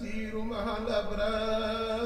التيسير مع الأبرار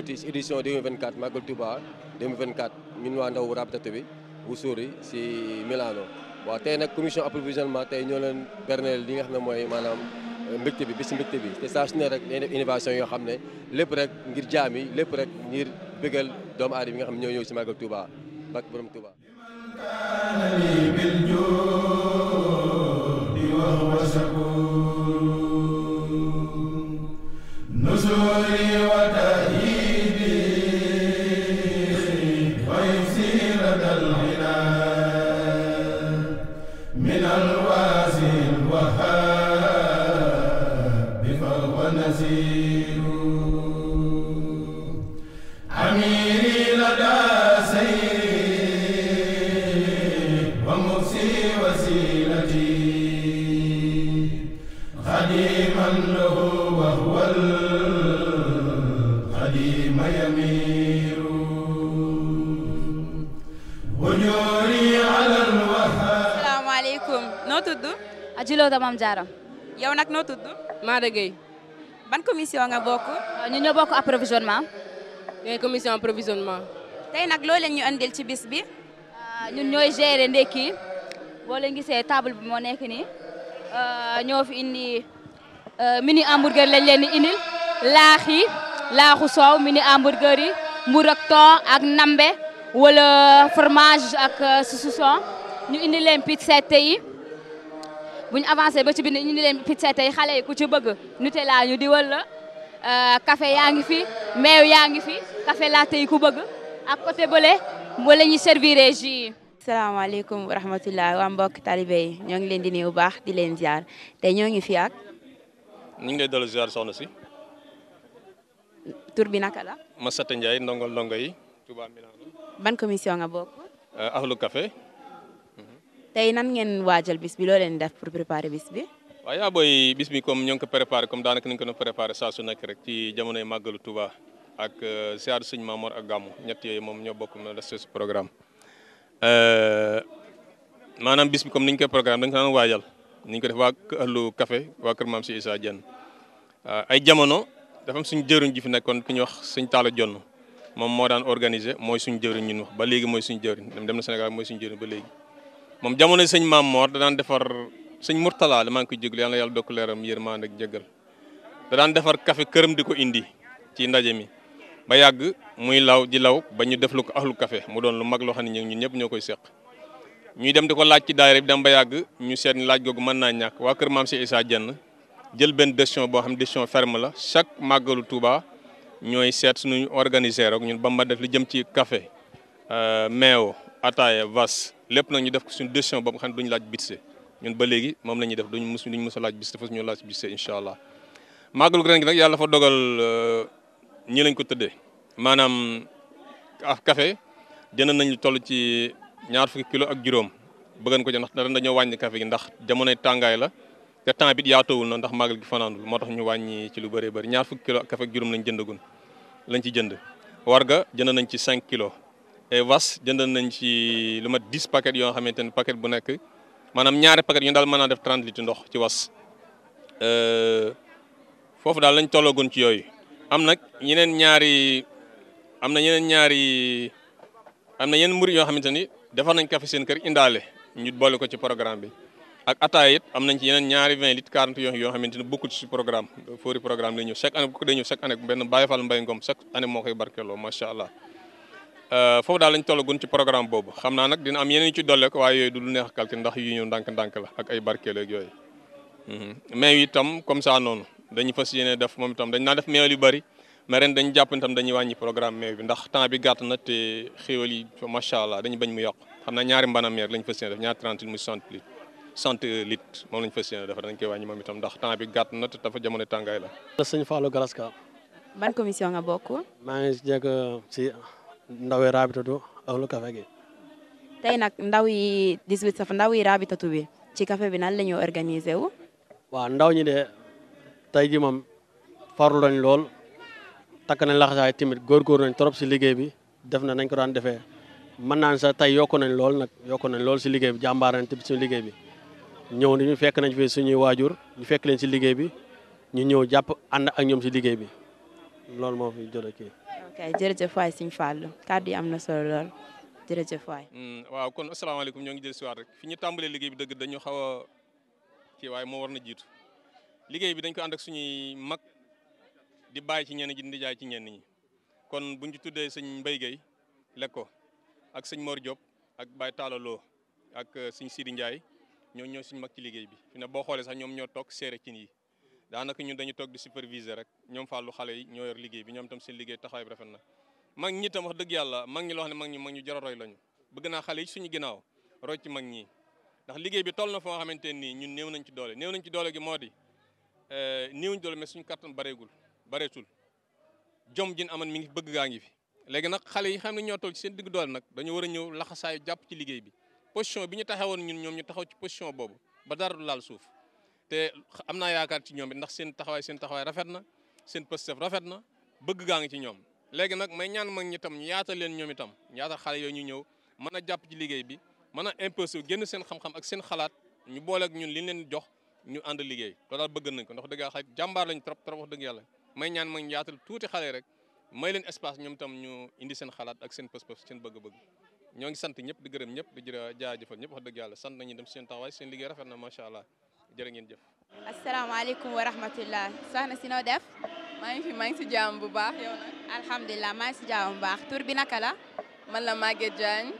ñëwati si édition 2024 Magal Touba 2024 ñun waa ndaw Rabitatu bi Ussuri si Milano. waaw tey nag commission approvisionnement tey ñoo leen berneel li nga xam ne mooy maanaam euh, mbégte bi bis mbégte bi te saa su ne rek innovation yoo xam ne lépp rek ngir jaam yi lépp rek ngir bëggal doomu aadama yi nga xam ne ñoo ñëw si Magal Touba bak borom Touba. Nusuri wa minal Maam Jaara yow nag noo tudd. Maada Gueye. ban commission nga bokk. Euh, ñu ñoo bokk approvisionnement. ñooy commission approvisionnement. tey nag loo leen ñu andil ci bis bi. Euh, ñun ñooy gérer ndekki boo leen gisee table bi moo nekk nii euh, ñoo fi indi mini hamburger lañ leen di indil laax yi laaxu soow mini hamburger yi mbur ak thon ak nambe wala fromage ak saucisson ñu indi leen pizzette yi. bu ñu avancé ba ci biir ñu ni leen pizza tey xale yi ku ci bëgg Nutella ñu diwal la kafe euh, yaa ngi fi meew yaa ngi fi café latte yi ku bëgg ak côté bële moo ñu ñuy servir jus yi. salaamaaleykum wa rahmatulah waa mbokk talibe yi ñoo ngi leen di nuyu bu baax di leen ziar tey ñoo ngi fi ak. ñu ngi lay dalal ziar soxna si. tur bi naka la. Massata Ndiaye ndongol ndongo yi. Touba Milan. ban commission nga bokk. Euh, ahlu tey nan ngeen waajal bis bi loo leen def préparer bis bi. waaw yaa booy bis bi comme ñoo ngi ko préparé comme daanaka ni ko doon préparé saa su nekk rek ci jamonoy màggalu Touba ak euh, ziar Sëñ Maamor ak Gàmmu ñett yooyu moom ñoo bokk na des programme euh, maanaam bis bi comme ni koy programme dañ ko daan waajal ni ko def waa Allou Café waa Kër Maam si Issa Dieng euh, ay jamono dafa am suñu jëriñ ji fi nekkoon ku ñuy wax suñ Talla Jonn moom moo daan organiser mooy suñu jëriñ ñun wax ba léegi mooy suñu jëriñ dem na Sénégal mooy suñu jëriñ ba léegi. moom jamono sëñ maam Mor da daan defar sëñ Mourtala la maa ngi koy jégalu yàlla yàlla dokk leeram yërmande ak jégal da daan defar kafe këram di ko indi ci ndaje mi ba yàgg muy law ji law ba ñu def lu ko ahlu café mu doon lu mag loo xam ne ñun ñëpp ñoo koy seq ñuy dem di ko laaj ci daayira bi dem ba yàgg ñu seet laaj googu mën naa ñàkk waa kër maam si Issa Dieng jël benn décision boo xam décision ferme la chaque màggalu Touba ñooy seet suñu organiser rek ñun ba ma def lu jëm ci café euh, meew ataaya vas lépp nag ñu def ko suñu décision boobu nga xam ne duñu laaj bitse ñun ba léegi moom lañuy def duñ mus duñ mus a laaj bitse fas ñu laaj bitse incha allah màggalu ren gi nag yàlla dafa dogal ñii euh, lañ ko tëddee maanaam af ah, café jënd nañ toll ci ñaar fukki kilo ak juróom bëggan ko ci ndax ren dañoo wàññi café gi ndax jamonoy tàngaay la te temps bi yaatoowul na ndax màggal gi fanaanul moo tax ñu wàññi ci lu bëree bëri ñaar fukki kilo ak café ak juróom lañ jëndagun lañ ci jënd warga jënd nañ ci 5 kilos was eh, jëndal nañ ci lu mat dix paquets yoo xamante ne paquet bu nekk maanaam ñaari paquet yu daal mën naa def trente litres ndox ci was eh, foofu daal lañ tollagoon ci yooy am nag ñeneen ñaari am na ñeneen ñaari am na yeneen murid yoo xamante ni defar nañ café seen kër indaale ñu boole ko ci programme bi ak ataay it am nañ ci ñaari vingt litres quarante yoo yoo xamante ci programme foori programme lay ñëw chaque année bu ko day chaque année benn Baye Fall Ngom chaque année moo koy barkeeloo Euh, foofu daal lañ tollagun ci programme boobu xam naa nag dina am yeneen ci dolleeku waaye yooyu du lu neex calcul ndax yu ñëw ndànk-ndànk la ak ay barkeel ak yooyu mhm. mais itam comme ça noonu dañ naa def meew bi ndax na te xéwal yi allah dañu bañ mu yàqu xam naa ñaari mbana meer lañ fas yéene def ñaari 30 muy 60 litres 60 litres moom lañ fas yéene dañ koy wàññi moom itam ndax temps bi gàtt na te dafa jamono tàngaay la. ndaw yi raabitatu lu café gi. tey nag ndaw yi 18 saf ndaw yi raabitatu bi ci café bi nan la ñu organiser waaw ndaw ñi de tey ji moom farlu nañ lool takk nañ laxasaay timit góorgóor nañ trop si liggéey bi def na nañ ko daan defee mën naa sax tey yokk nañ lool nag yokku nañ lool si liggéey bi jàmbaar nañ liggéey bi. ñëw ñu fekk nañ fi suñuy waajur ñu fekk leen si liggéey bi ñu ñëw jàpp ànd ak ñoom si liggéey bi loolu moo fi jot a kii kay jërëjëf waay Sëñ Fallou kàddu yi am na solo lool jërëjëf waay. Hmm, waaw kon asalaamaaleykum ñoo ngi jël si waat rek fi ñu tàmbalee liggéey bi dañu xaw a waaye moo war na jiitu liggéey bi dañ ko ànd ak suñuy mag di bàyyi ci ñenn ji di jaay ci ñenn ñi kon buñ ci tuddee sëñ Mbaye Gueye Lekko ak sëñ Mor Diop ak Baye Talla Lo ak euh, sëñ Sidi njaay ñoo ñoo suñu mag ci liggéey bi fi ne boo xoolee sax ñoom ñoo toog seere ci yi daanaka ñun dañu toog di superviser rek ñoom fàllu xale yi ñoo yor liggéey bi ñoom tam seen liggéey taxawaay bi rafet na mag ñi tam wax dëgg yàlla mag ñi loo xam ne mag ñi mag ñu jar a bëgg naa xale suñu ginnaaw roy mag ñi ndax liggéey bi toll na foo xamante nii ñun néew nañ ci doole néew nañ ci doole gi moo di eh, néew nañ doole mais suñu kattan bareegul bareetul jom jin aman mi ngi bëgg gaa ngi fi léegi nag xale yi xam ne ñoo toll ci seen digg doole nag dañu war a ñëw laxasaayu jàpp ci liggéey bi position bi ñu taxawoon ñun ñoom ñu taxaw ci position boobu ba dara laal suuf te am naa yaakaar ci ñoom it ndax seen taxawaay seen taxawaay rafet na seen pëstëf rafet na bëgg gaa ngi ci ñoom léegi nag may ñaan mag ñi tam ñu yaatal leen ñoom itam yaatal xale yooyu ñu ñëw mën a jàpp ci liggéey bi mën a imposé génn seen xam-xam ak seen xalaat ñu boole ñun liñ leen jox ñu ànd liggéey loolu bëgg nañ ko ndax dëgg yàlla xay jàmbaar lañ trop trop wax dëgg yàlla may ñaan mag ñi yaatal tuuti xale rek may leen espace ñoom itam ñu indi seen xalaat ak seen pëstëf seen bëgg-bëgg ñoo ngi sant ñëpp di gërëm ñëpp di jërë jaajëfal ñëpp wax dëgg yàlla sant nañu dem seen taxawaay seen liggéey rafet na macha allah jërë ngeen jëf. asalaamaaleykum wa rahmatullah soxna si noo def. maa ngi fi maa ngi si jàmm bu baax yow nag. alhamdulilah maa si jàmm bu baax tur bi naka la. man la Maguette Diagne.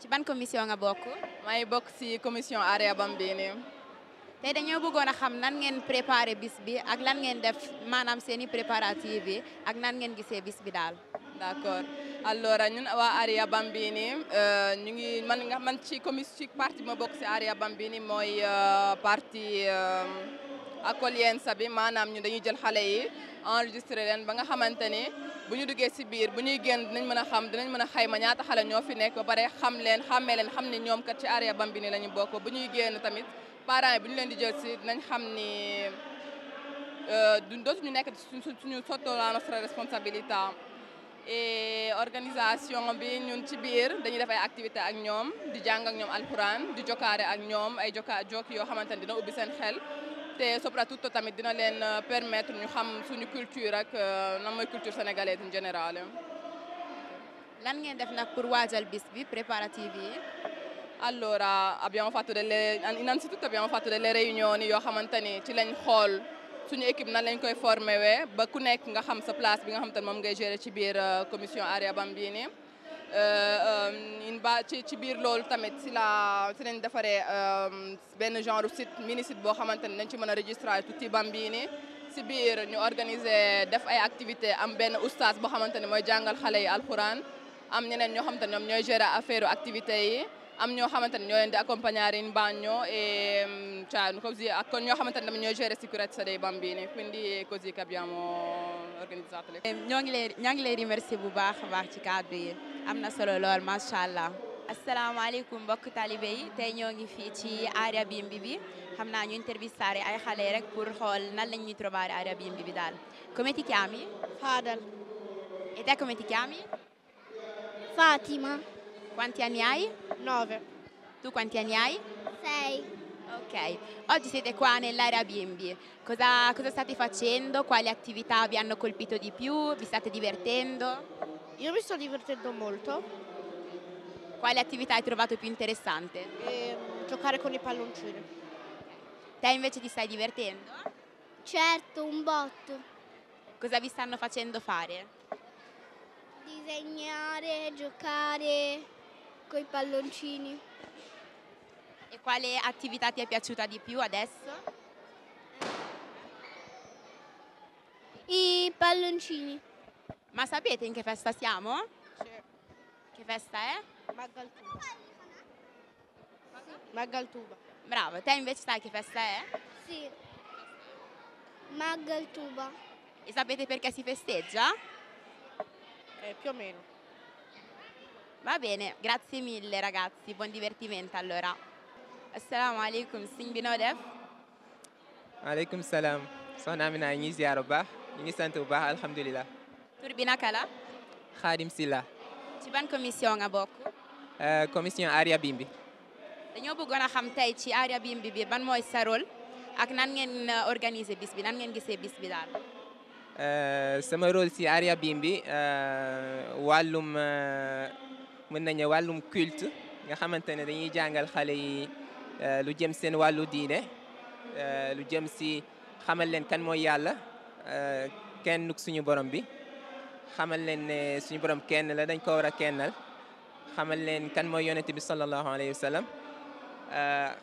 ci ban commission nga bokk. maa bokk si commission area bambini. te dañoo bëggoon a xam nan ngeen préparé bis bi ak lan ngeen def maanaam seen i préparatifs yi ak nan ngeen gisee bis bi daal. d' accord allora ñun waa Aria Bambini euh, ñu ngi man nga man ci commis ci parti bi ma bokk si Aria Bambini mooy euh, parti euh, accoglienza bi maanaam ñun dañu jël xale yi enregistré leen ba nga xamante ni bu ñu duggee si biir bu ñuy génn dinañ mën a xam dinañ mën a xayma ñaata xale ñoo fi nekk bare pare xam leen xàmmee leen xam ni ñoom kat ci Aria Bambini la ñu bokk bu ñuy génn tamit parents yi bu ñu leen di jël si dinañ xam ni du ñu nekk suñu suñu sotto la nostra responsabilità et organisation bi ñun ci biir dañuy def ay activité ak ñoom di jàng ñoom alquran di jokkaare ak ñoom ay jokka jokk yoo xamante ne dina ubbi seen xel te surtout tamit dina leen euh, permettre ñu xam suñu culture ak euh, nan mooy culture sénégalaise en général. lan ngeen def nag pour waajal bis bi préparatifs yi. allora euh, ah abbiamo fatto delle innanzitutto abbiamo eh fatto delle riunioni yoo xamante ni ci lañ xool. suñu équipe nan lañ koy formé wee ba ku nekk nga xam sa place bi nga xam te ne moom ngay gérer ci biir euh, commission area bambini in euh, um, ba ci ci biir loolu tamit si la si lañ defaree euh, benn genre site mini site boo xamante ne dañ ci mën a registrer tuuti bambini si biir ñu organiser def ay activité am benn oustaz boo xamante ne mooy jàngal xale yi alxuraan am ñeneen ñoo xam te ne ñoom ñooy gérer affaire activité yi am ñoo xamante ne ñoo leen di accompagnare in bagno e cioè così con ñoo xamante ne tamit ñooy gérer sicurezza dei bambini quindi è così che abbiamo organizzato le ñoo ngi leen ñoo ngi leen remercier bu baax a baax ci kàddu yi am na solo lool macha allah. asalaamaaleykum mbokk talibe yi tey ñoo ngi fii ci area bimbi bi xam naa ñu intervistare ay xale rek pour xool nan la ñuy trovare area bimbi bi daal come ti chiami? Fadal. E te come ti chiami? Fatima. Quanti anni hai? 9. Tu quanti anni hai? oggi siete qua nell'area bimbi, cosa, state facendo? Quali attività vi hanno colpito di più? Vi state divertendo? Io mi sto divertendo molto. Quale attività hai trovato più interessante? Ehm, giocare con i palloncini. Te invece ti stai divertendo? Certo, un botto. Cosa vi stanno facendo fare? Disegnare, giocare. coi palloncini. E quale attività ti è piaciuta di più adesso? I palloncini. Ma sapete in che festa siamo? Che festa è? Bravo, te invece sai che festa è? E sapete perché si festeggia? Eh, più o meno. Va bene, grazie mille ragazzi, buon divertimento allora. Assalamu alaikum, sëñ bi noo def. salaam soxna Amina ñu ngi ziar bu baax ñu ngi sant bu baax alhamdulilah. bi naka la. Xaadim ci ban commission nga bokk. Eh, commission Aria Bimbi. dañoo bëggoon a xam tey ci Aria Bimbi bi ban mooy sa rôle ak nan ngeen eh, organiser bis bi nan ngeen gisee bis bi daal. Eh, sama role ci Aria Bimbi wàllum. mën nañu wàllum culte nga xamante ne dañuy jàngal xale yi euh, lu jëm seen wàllu diine euh, lu jëm si xamal leen kan mooy yàlla euh, kenn suñu borom bi xamal leen ne suñu borom kenn la dañ ko war a kennal xamal leen kan mooy yonent bi sallallahu alayhi wa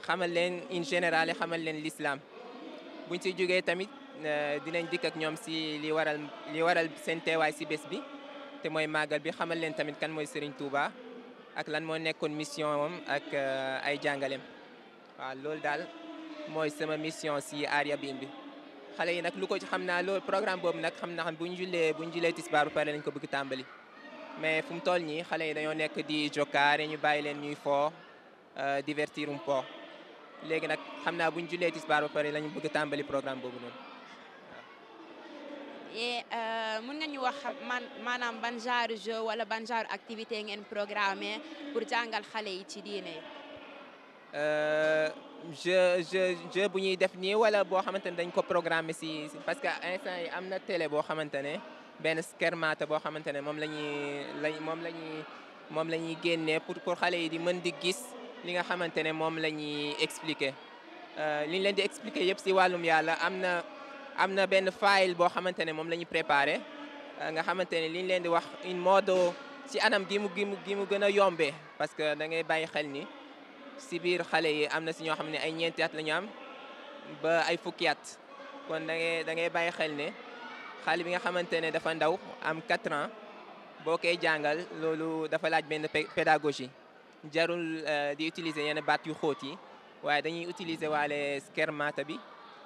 xamal leen in général xamal leen l'islam buñ si jógee tamit dinañ dikk ak ñoom si li waral li waral seen teewaay si bés bi te mooy màggal bi xamal leen tamit kan mooy Serigne Touba ak lan moo nekkoon mission moom ak euh, ay jàngaleem waaw loolu daal mooy sama mission si Arya bi xale yi nag lu ko ci xam naa loolu programme boobu nag xam naa bu ñu jullee bu ñu jullee tisbaar ba pare lañ ko bëgg tàmbali mais fu mu toll nii xale yi dañoo nekk di jokkaare ñu bàyyi leen ñuy foo euh, divertir um po léegi nag xam naa bu ñu jullee tisbaar ba pare lañu bëgg tàmbali programme boobu noonu et euh, mën nga ñu wax man maanaam ban genre jeu wala ban genre activité ngeen programmé pour jàngal xale yi ci diine euh, jeu jeu jeu bu ñuy def nii wala boo xamante ne dañ ko programme si parce que instant yi am na télé boo xamante ne benn skermata boo xamante ne moom la ñuy lañ moom la ñuy moom la ñuy génnee pour pour xale yi di mën di gis li nga xamante ne moom la ñuy expliqué euh, li ñu leen di si wàllum yàlla am na am na benn file boo xamante ne moom la ñu préparé euh, nga xamante ne li leen di wax in modo si anam gi mu gi mu gi mu gën a yombee parce que da ngay bàyyi xel ni ci biir xale yi am na si ñoo xam ne ay ñeenti at la ñu am ba ay fukkiyaat kon da ngay da ngay bàyyi xel ne xale bi nga xamante ne dafa ndaw am quatre ans boo koy jàngal loolu dafa laaj benn pédagogie jarul euh, di utiliser yenn baat yu xóot yi waaye dañuy utiliser waale skermata bi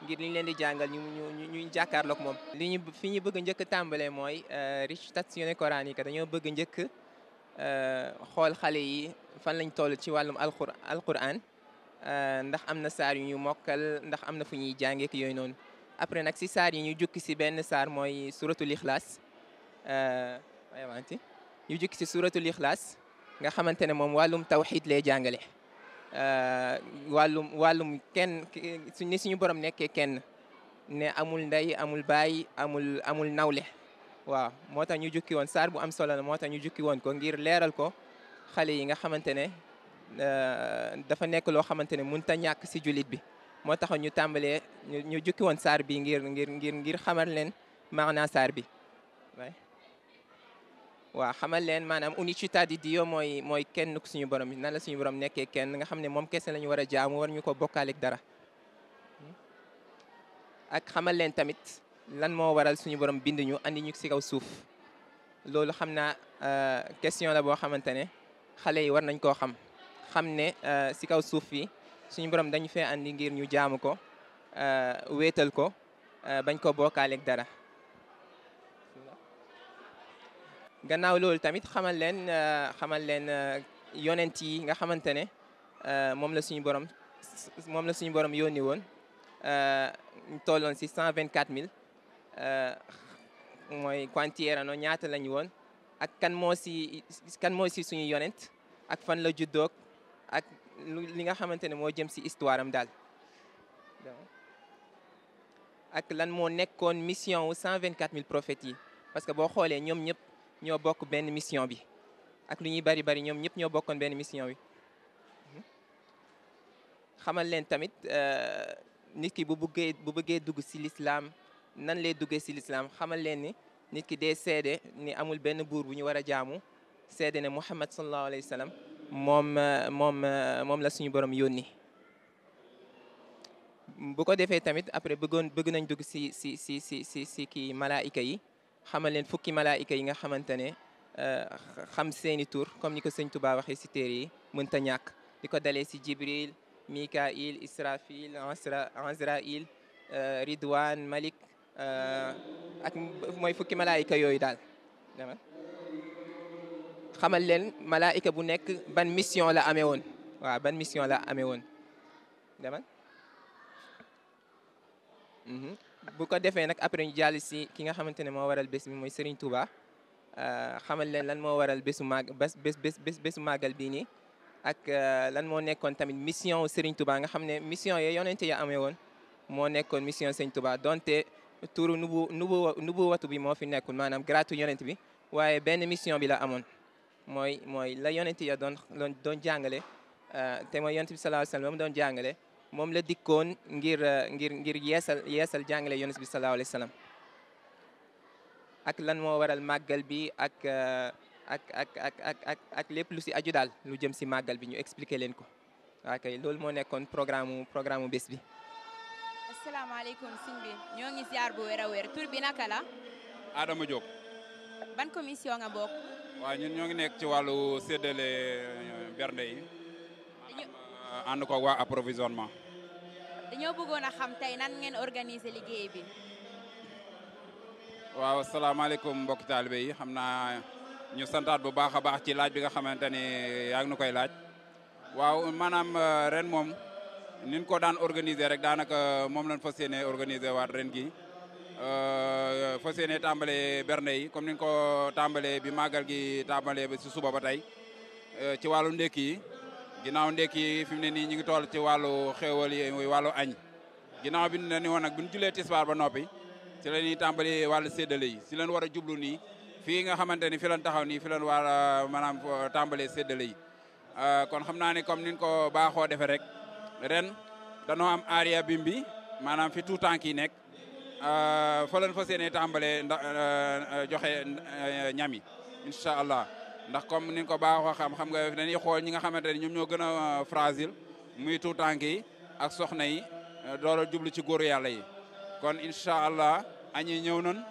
ngir li leen di jàngal ñu ñu ñu ñu jàkkaarloog moom. ñu fi ñu bëgg njëkk tàmbalee mooy euh, récitation coranique dañoo bëgg njëkk euh, xool xale yi fan lañ toll ci wàllum alqur alquran euh, ndax am na saar yu ñu mokkal ndax am na fu ñuy jàngeek yooyu noonu après nag si saar yu ñu jukki si benn saar mooy suratul ixlaas waaye wanti ñu jukki si suratul ixlaas nga xamante ne moom wàllum tawxid lay jàngale. Euh, wàllum wàllum kenn suñ ni suñu borom nekkee kenn ne amul nday amul baay amul amul nawle waaw moo tax ñu jukki woon saar bu am solo la moo tax ñu jukki woon ko ngir leeral ko xale yi nga xamante ne euh, dafa nekk loo xamante ne mënut a ñàkk si jullit bi moo tax ñu tàmbalee ñu jukki woon saar bi ngir ngir ngir ngir xamal leen maanaa saar bi waaw xamal leen maanaam unicità di yoo mooy mooy kenn ku suñu borom nan la suñu borom nekkee kenn nga xam ne moom kese la ñu war a jaamu war ko bokkaaleeg dara xamal leen tamit lan moo waral suñu borom bind andi ñu si kaw suuf loolu xam naa euh, question la boo xamante ne xale yi war nañ koo xam xam ne si euh, kaw suuf yi suñu borom dañu fee andi ngir ñu jaamu ko euh, wéetal ko bañ ko bokkaaleeg dara gannaaw loolu tamit xamal leen euh, xamal leen euh, yonent yi nga xamante ne euh, moom la suñu borom moom la suñu borom yónni woon ñu tolloon si cent vingt quatre mille mooy quanti erano ñaata lañu woon ak kan moo si kan moo si suñu yonent ak fan la juddoog ak li nga xamante ne moo jëm si histoire am daal ak lan moo nekkoon mission wu cent vingt quatre mille yi parce que boo xoolee ñoom ñëpp ñoo bokk benn mission bi ak lu ñuy bari bari ñoom ñëpp ñoo bokkoon benn mission bi mhm. xamal leen tamit euh, nit ki bu bëggee bu bëggee dugg ci lislaam nan lay duggee ci lislaam xamal leen ni nit ki dee seede ni amul benn buur bu ñu war a jaamu seede ne Muhammad sallallahu alayhi wa sallam moom euh, euh, moom la suñu borom yónni bu ko defee tamit après bëggoon bëgg nañ dugg ci ci ci ci ci ci kii malaayika yi xamal leen fukki malaayika yi nga xamante ne euh, xam seeni tour comme niko ko sëñ Tuubaa waxee si téere yi mënta ñàkk di ko dalee si Jibril Mikail Israfil Azrail euh, Ridwan Malik euh, mooy fukki malaayika yooyu daal xamal leen malaayika bu nekk ban mission la amee woon waaw ban mission la amee woon bu ko defee nag après ñu jàll si ki nga xamante ne moo waral bés mi mooy Serigne Touba euh, xamal leen lan moo waral bésu maag bés bés bésu màggal bii nii ak euh, lan moo nekkoon tamit mission Serigne Touba nga xam ne mission yooyu yonente ya amee woon moo nekkoon mission Serigne Touba donte turu nubu nubu nubu watu bi moo fi nekkul maanaam gratu yonent bi waaye benn mission bi la amoon mooy mooy la yonente ya doon doon jàngale euh, te mooy yonent bi sallallahu alayhi wasallam doon jàngale moom la dikkoon ngir eh, ngir ngir yeesal yeesal jàngale yonent bi sallallahu alayhi wa ak lan moo waral màggal bi eh, ak ak ak lépp lu si aju daal lu jëm si màggal bi ñu explique leen ko loolu moo nekkoon programme programme mu bés bi. asalaamaaleykum sëñ bi ñoo ngi ziar bu wér a wér tur Adama Diop. ban commission bokk. waaw ñun ñoo ngi nekk ci wàllu séddale eh, bernde yi. ànd ko waa approvisionnement. dañoo bëggoon a xam tey nan ngeen organiser liggéey bi. waaw asalaamaaleykum mbokki taalibe yi xam naa ñu santaat bu baax a baax ci laaj bi nga xamante ni yaa ngi nu koy laaj. waaw maanaam euh, ren moom ni ko daan organiser rek daanaka euh, moom lañ fas yéene organiser waat ren gi euh, fas yéene tàmbale bernde yi comme ni ñu ko tàmbalee bi màggal gi tàmbalee ba si suba ba tey ci wàllu ndékki yi. ginnaaw ndekki fi mu ne nii ñu ngi toll ci wàllu xéewal yi muy wàllu añ ginnaaw bi ne ni woon nag bu ñu julee tisbaar ba noppi ci la ñuy tàmbali wàllu séddale yi si leen war a jublu nii fii nga xamante ni fi leen taxaw nii fi leen war a maanaam tàmbalee séddale yi euh, kon xam naa ne comme niñ ko baaxoo defee rek ren danoo am area bimbi maanaam fi tout temps kii nekk euh, fa leen fas yéene tàmbalee euh, joxe ñami incha allah ndax comme ni ko baaxoo xam xam nga dañuy xool ñi nga xamante ne ñoom ñoo gën a euh, fragile muy tout tànk yi ak soxna yi euh, door a jublu ci góor yàlla yi kon incha allah añi ñëw nan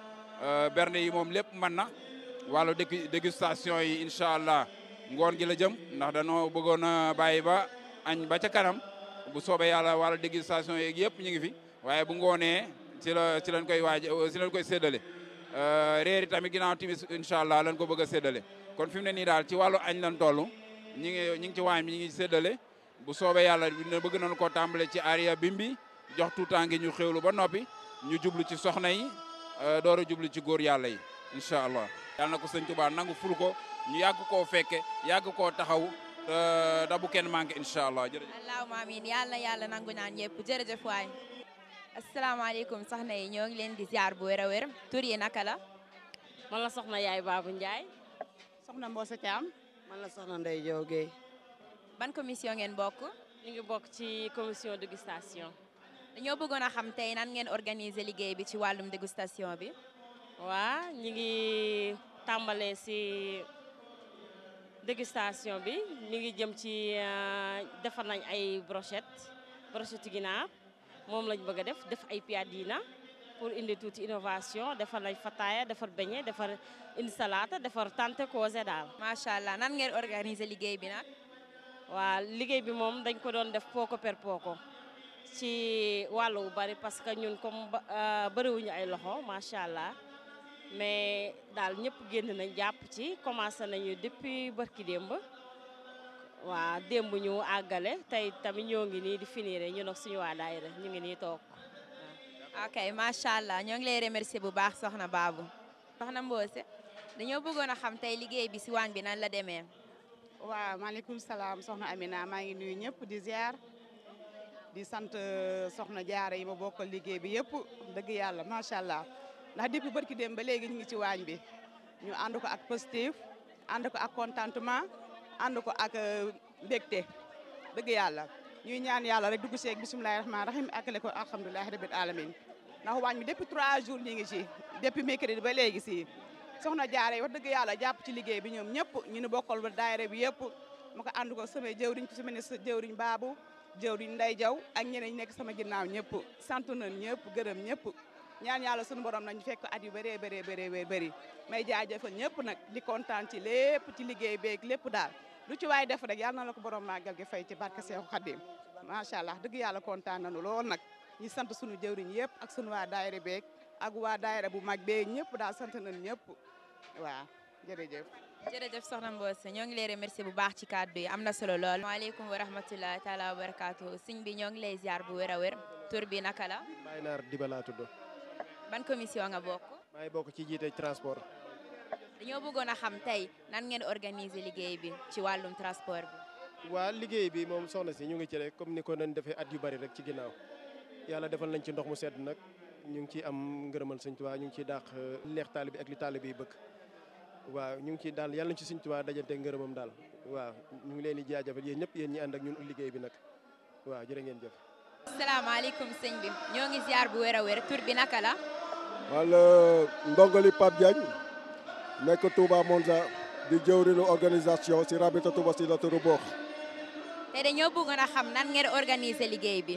euh, berne yi moom lépp mën na wàllu dégustation yi incha allah ngoon gi la jëm ndax danoo bëggoon a bàyyi ba añ ba ca kanam bu soobee yàlla wàllu dégustation yeeg yëpp ñu ngi fi waaye bu ngoonee ci la ci lañ koy waaj ci lañ koy séddale réer yi tamit ginnaaw timis incha allah lañ ko bëgg a séddale kon fi mu ne nii daal ci wàllu añ lan toll ñi ngi ngi ci waañ bi ñi ngi séddale bu soobee yàlla ne bëgg noonu koo tàmbale ci aria bimbi jox tuutaa ngi ñu xéwlu ba noppi ñu jublu ci soxna yi euh, door jublu ci góor yàlla yi incha allah yàlla na ko sëñ Tuubaa nangu ful ko ñu yàgg koo fekke yàgg koo taxaw da bu kenn manqué incha allah jërëjëf allahumma amiin yàlla yàlla nangu naan yëpp jërëjëf waay sax na yi ñoo ngi leen di ziar bu wér a wér tur yi naka la man la soxna yaay Babou Ndiaye soxna Mbosa Thiam. man la soxna Ndeye Diop Guèye. ban commission ngeen bokk. ñu ngi bokk ci commission dégustation. dañoo bëggoon a xam tey nan ngeen organiser liggéey bi ci wàllum dégustation bi. waa ñu ngi tàmbalee si dégustation bi mi ngi jëm ci euh, defar nañ ay brochette brochette ginaar moom lañ bëgg def def ay piadina pour indi tuuti innovation defar nañ fataaya defar beñe defar indi defar tante koose daal. macha allah nan ngeen organiser liggéey bi nag. waaw liggéey bi moom dañ ko doon def pooko per pooko ci wàllu bari parce que ñun comme bëriwuñu euh, ay loxo macha allah mais daal ñëpp génn nañ jàpp ci commencé nañu depuis barki démb. waa démb ñu àggale tey tamit ñoo ngi nii di finir ñu si suñu waa daayira ñu ngi nii toog. ok macha allah ñoo ngi lay remercier bu baax soxna Babou. soxna Mbose dañoo bëggoon a xam tey liggéey bi si waañ bi nan la demee. waaw maaleykum salaam soxna Amina maa ngi nuyu ñëpp di ziar di sant euh, soxna jaara yi ma bokkal liggéey bi yëpp dëgg yàlla macha allah ndax depuis barki dem ba léegi ñu ngi ci waañ bi ñu ànd ko ak positif ànd ko ak contentement ànd ko ak euh, mbégte dëgg yàlla ñuy ñaan yàlla rek dugg seeg bisimilahi rahmaani rahim akale ko alhamdulilahi rabil alamin ndax waañ bi depuis trois jours ñu ngi ci depuis mercredi ba léegi si soxna jaare wax dëgg yàlla jàpp ci liggéey bi ñoom ñëpp ñu nu bokkal ba daayira bi yëpp ma ko ànd ko sama jëwriñ ci sama jëwriñ baabu jëwriñ nday jaw ak ñi nekk sama ginnaaw ñëpp sant nañ ñëpp gërëm ñëpp ñaan yàlla sunu borom nañu fekk at yu bëree bëree bëree bëri may jaajëfal ñëpp nag di kontaan ci lépp ci liggéey beeg lépp daal lu ci waay def rek yàlla na la ko borom màggal gi fay ci barke Seexu Xadim macha allah dëgg yàlla kontaan lool nag ñu sant sunu jëwriñ yëpp ak sunu waa daayira beeg ak waa daayira bu mag beeg ñëpp daal sant nañ ñëpp waaw jërëjëf. jërëjëf soxna Mbose ñoo ngi lay remercier bu baax ci kàddu yi am na solo lool. waaleykum wa rahmatulah taalaa wa barakaatu sëñ bi ñoo ngi lay ziar bu wér a wér tur bi naka la. Baye Naar Diba laa tudd. ban commission nga bokk. maa ngi bokk ci jiite transport. ñoo bëggoon a xam tey nan ngeen organiser liggéey bi ci wàllum transport bi. waa liggéey bi moom soxna ngi ci rek comme ni ko doon defee at ci ginnaaw. yàlla defal nañ ci ndox mu sedd nag ñu ngi ciy am ngërëmal sëñ Tuubaa ñu ci ciy dàq euh, leex taalibe ak li taalibe yi bëgg waaw ñu ngi ciy daal yàlla nañ ci sëñ Tuubaa dajante ngërëmam daal waaw ñu ngi leen di jaajëfal yéen ñëpp yéen ñi ànd ak ñun liggéey bi nag waa jërë ngeen jëf asalaamaaleykum sëñ bi ñoo ngi ziar bu wér a wér tur bi naka la wala ndongali Pape Diagne nekk Touba Monza di jëwriñu organisation si Rabita Touba si la turu boox te dañoo bëggoon a xam nan bi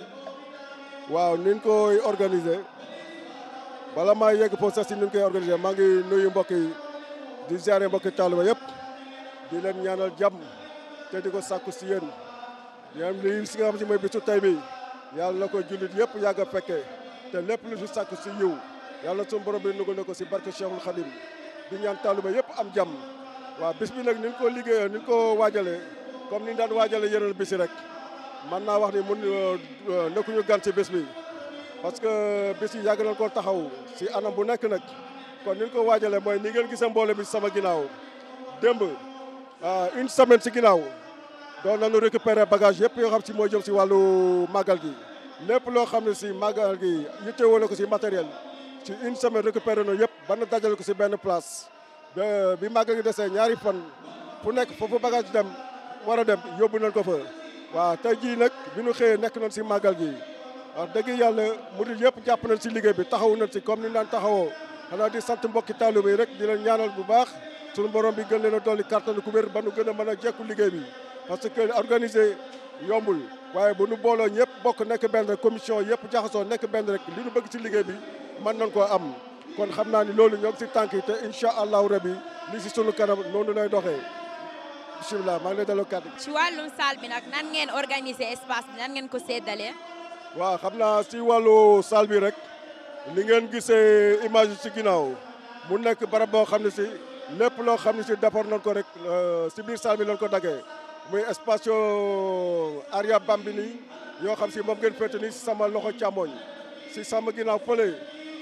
waaw nin ko koy organiser bala maa yegg process si ni ñu koy organiser maa ngi nuyu mbokk yi di ziare mbokki taaliba yëpp di len ñaanal jàmm te di ko sàkku si yéen yéen li si nga xam si mooy bisu tey bi yàlla na ko jullit yëpp yàgg a te lépp lu si sàkku si yiw yàlla suñu borom bi nugul na ko si barke Cheikhul Khadim di ñaan taaliba yëpp am jàmm waa bis bi nag ni ñu ko liggéeyee ni ñu ko waajalee comme ni ñu daan waajalee yeneen bisi rek man naa wax ni mun euh, nekkuñu gan ci bés bi parce que bés yi yàgg nañ koo taxaw si anam bu nekk nag kon ni ñu ko waajalee mooy ni ngeen gisee mbooloo bi sama ginnaaw démb euh, une semaine si ginnaaw doon nañu récupérer bagage yëpp yoo xam si mooy jëm si wàllu màggal gi lépp loo xam ne si màggal gi yittewoo na ko si matériel ci une semaine récupéré na yëpp ba na dajale ko si benn place bi màggal gi desee ñaari fan fu nekk foofu bagage dem war a dem yóbbu nañ ko fa waaw tey jii nag bi ñu xëyee nekk nañ si màggal gi wax dëgg yàlla murid yëpp jàpp nañ si liggéey bi taxaw nañ si comme ni naan taxawoo xanaa di sant mbokki taalibe yi rek di leen ñaanal bu baax suñu borom bi gën leen a dolli kàttan ku wér ba nu gën a mën a jekku liggéey bi parce que organiser yombul waaye bu nu booloo ñëpp bokk nekk benn rek commission yëpp jaxasoo nekk benn rek li ñu bëgg si liggéey bi mën nañ ko am kon xam naa ni loolu ñoo ngi si tànk yi te incha allahu rabi li si sunu kanam noonu lay doxee bisimilah maa ngi lay delloo kàddu ci wàllum salle bi nag nan ngeen organiser espace nan ngeen ko séddalee. waaw xam naa si wàllu salle bi rek ni ngeen gisee image yi si ginnaaw mu nekk barab boo xam ne si lépp loo xam ne si defar nañ ko rek euh, si biir salle bi lañ ko daggee muy espace aria bambini yoo xam si moom ngeen féete ni si sama loxo càmmoñ si sama ginnaaw fële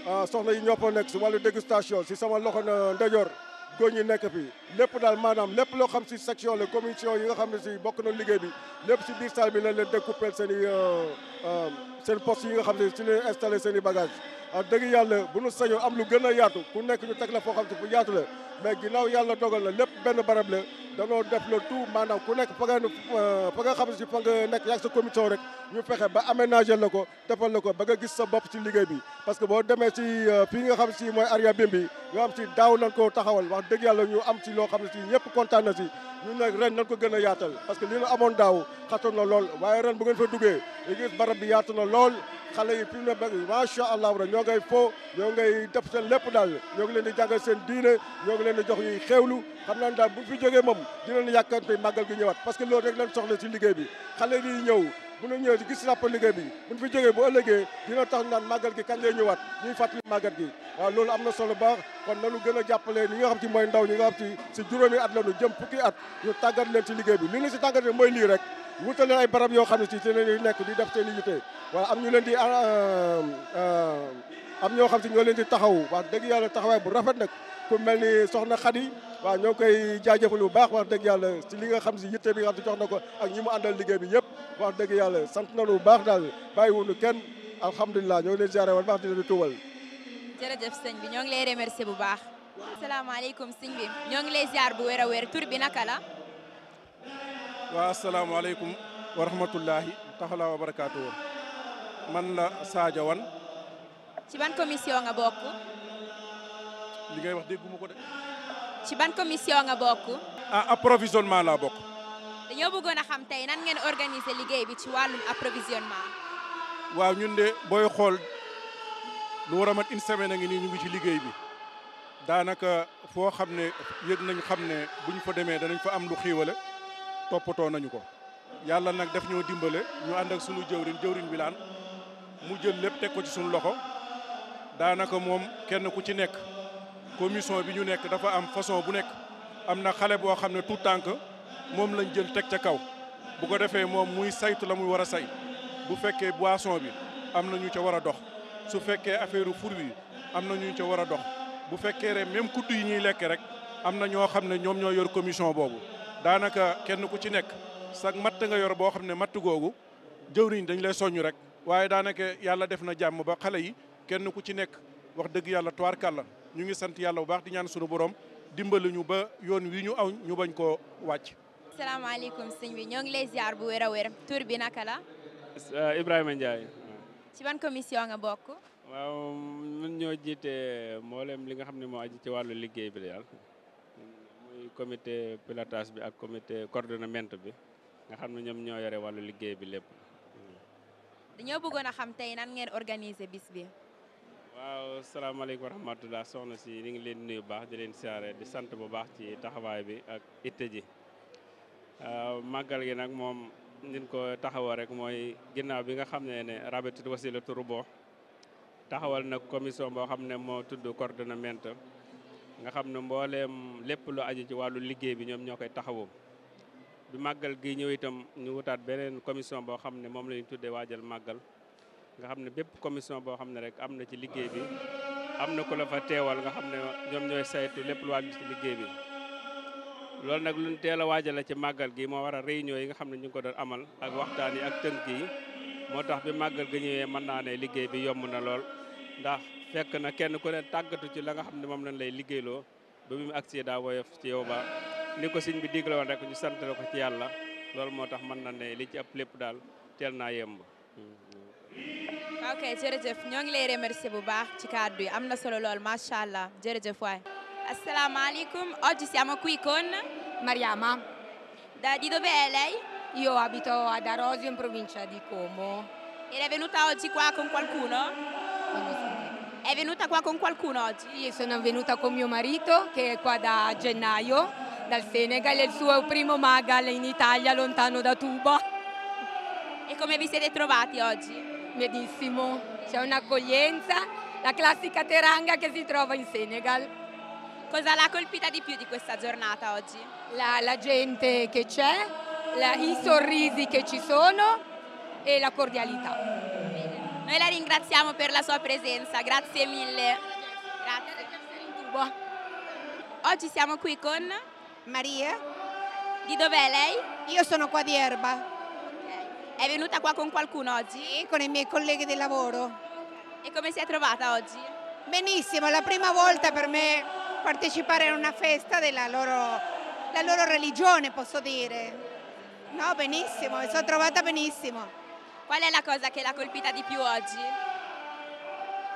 euh, soxna yi ñoo nekk si wàllu dégustation si sama loxo euh, ndeyjoor. góor ñi nekk fi lépp daal maanaam lépp loo xam si section la commission yi nga xam ne si bokk na liggéey bi lépp si biir salle bi lañ leen découpé seen i euh, euh, seen poste yi nga xam ne si leen installé seen i bagage wax dëgg yàlla bu nu sañoo am lu gën a yaatu ku nekk ñu teg la foo xam te fu yaatu la mais ginnaaw yàlla dogal na lépp benn barab la danoo def la tout maanaam ku nekk fa nga euh, xam si fa nga nekk yaag sa commission rek ñu fexe ba aménager la ko defal la ko ba nga gis sa bopp ci liggéey bi parce que boo demee si euh, fii nga xam si mooy Arya Bimbi yoo xam si daaw nañ ko taxawal wax dëgg yàlla ñu am si loo xam ne si ñëpp kontaan na si ñu nag ren nañ ko gën a yaatal parce que li nu amoon daaw xatoon na lool waaye ren bu ngeen fa duggee li gis barab na lool xale yi fi mu ne macha allah ñoo ngay fo ñoo ngay def seen lépp daal ñoo ngi leen di jàngal seen diine ñoo ngi leen di jox ñuy xewlu xam naa daal bu fi jógee moom dinañu yàkkante màggal gi ñëwaat parce que loolu rek lañ soxla si liggéey bi xale yi ñëw bu ñu ñëwee gis napp liggéey bi bu ñu fi jógee bu ëllëgee dina tax naan màggal gi kañ lay ñëwaat ñuy fàttali màggal gi waaw loolu am na solo baax kon nanu gën a jàppale nga xam ci ndaw ñi nga xam ci si juróomi at la ñu jëm fukki at ñu tàggat leen si liggéey bi mooy lii rek wutal leen ay barab yoo xam ne si ci la ñuy nekk di def seen i yitte waa am ñu leen di ah, ah, am ñoo xam si ñoo leen di taxaw wax dëgg yàlla taxawaay bu rafet nag ku mel ni soxna Xadi waa ñoo ngi koy jaajëfal bu baax wax dëgg yàlla si li nga xam si yitte bi nga xam si jox na ko ak ñi mu àndal liggéey bi yëpp wax dëgg yàlla sant nañu bu baax daal bàyyi wuñu kenn alhamdulilah ñoo ngi leen ziare woon baax di leen tuubal jërëjëf sëñ bi ñoo ngi lay remercier bu baax asalaamaaleykum sëñ bi ñoo ngi lay ziar bu wér a bi naka la waa asalaamaaleykum wa rahmatullahi taxala wa barakaatu woon man la Sadio wan ci ban commission nga bokk. li ngay wax dégguma ko de. ci ban commission nga bokk. ah approvisionnement laa bokk. dañoo bëggoon a xam tey nan ngeen organiser liggéey bi ci wàllum approvisionnement. waaw ñun de booy xool lu war a mat une semaine a ngi nii ñu ngi ci liggéey bi daanaka foo xam ne yëg nañ xam ne buñ fa demee danañ fa am lu xiiwale. toppatoo nañu ko yàlla nag def ñoo dimbale ñu ànd ak sunu jëwriñ jëwriñ Wilane mu jël lépp teg ko ci sunu loxo daanaka moom kenn ku ci nekk commission bi ñu nekk dafa am façon bu nekk am na xale boo xam ne tout tànk moom lañ jël teg ca kaw bu ko defee moom muy saytu la muy war a say bu fekkee boisson bi am na ñu ca war a dox su fekkee affaire fur am na ñu ca war a dox bu fekkee rek même kuddu yi ñuy lekk rek am na ñoo xam ne ñoom ñoo yor commission boobu daanaka kenn ku ci nekk sag matt nga yor boo xam ne matt googu jëwriñ dañ lay soññu rek waaye daanaka yàlla def na jàmm ba xale yi kenn ku ci nekk wax dëgg yàlla tuwaar kàlla ñu ngi sant yàlla bu baax di ñaan sunu borom dimbali ñu ba yoon wi ñu aw ñu bañ koo wàcc. asalaamaaleykum sëñ bi ñoo ngi lay ziar bu wér a wér tur bi naka la. Uh, Ibrahima Ndiaye. ci ban commission nga bokk. waaw ñun ñoo jiite mboolem li nga xam ne moo aju ci wàllu liggéey bi daal. muy comité bi ak comité coordonnement bi nga xam ne ñoom ñoo yore wàllu liggéey bi lépp. dañoo bëggoon a xam tey nan ngeen organiser bis bi. waaw salaamaaleykum wa rahmatulah soxna si ñu ngi leen nuyu baax di leen siyaare di sant bu baax ci taxawaay bi ak it ji. màggal gi nag moom nin ko taxawal rek mooy ginnaaw bi nga xam ne ne Rabitul Wasilatu Rubuh taxawal nag commission boo xam ne moo tudd coordonnement. nga xam ne mbooleem lépp lu aju ci wàllu liggéey bi ñoom ñoo koy taxawoo bi màggal gi ñëw itam ñu wutaat beneen commission boo xam ne moom la ñu tuddee waajal màggal nga xam ne bépp commission boo xam ne rek am na ci liggéey bi am na ku la fa teewal nga xam ne ñoom ñooy saytu lépp lu aju ci liggéey bi loolu nag lu teel a waajal la ci màggal gi moo war a réunion yi nga xam ne ñu ko doon amal ak waxtaan yi ak tënk yi moo tax bi màggal gi ñëwee mën naa ne liggéey bi yomb na lool ndax fekk na kenn ku ne tàggatu ci la nga xam ne moom lañ lay liggéeyloo ba bi mu agsi daa woyof ci yow ba li ko sëñ bi digle woon rek ñu sant la ko ci yàlla loolu moo tax man na ne li ci ëpp lépp daal teel naa yemb. ok jërëjëf ñoo ngi lay remercier bu baax ci kàddu yi am na solo lool macha allah jërëjëf waay. asalaamaaleykum oggi siamo qui con Mariama. Da, di dove è lei? Io abito ad Arosio in provincia di Como. È venuta qua con qualcuno oggi? sono venuta con mio marito che è qua da gennaio, dal Senegal, è il suo primo magal in Italia, lontano da Tuba. E come vi siete trovati oggi? Benissimo, c'è un'accoglienza, la classica teranga che si trova in Senegal. Cosa l'ha colpita di più di questa giornata oggi? la gente che c'è, i sorrisi che ci sono e la cordialità. Noi la ringraziamo per la sua presenza, grazie mille. Oggi siamo qui con Maria. Di dov'è lei? Io sono qua di Erba. È venuta qua con qualcuno oggi? con i miei colleghi di lavoro. E come si è trovata oggi? Benissimo, la prima volta per me partecipare a una festa della loro, loro religione, posso dire. No, benissimo, sono trovata benissimo. Qual è la cosa che l'ha colpita di più oggi?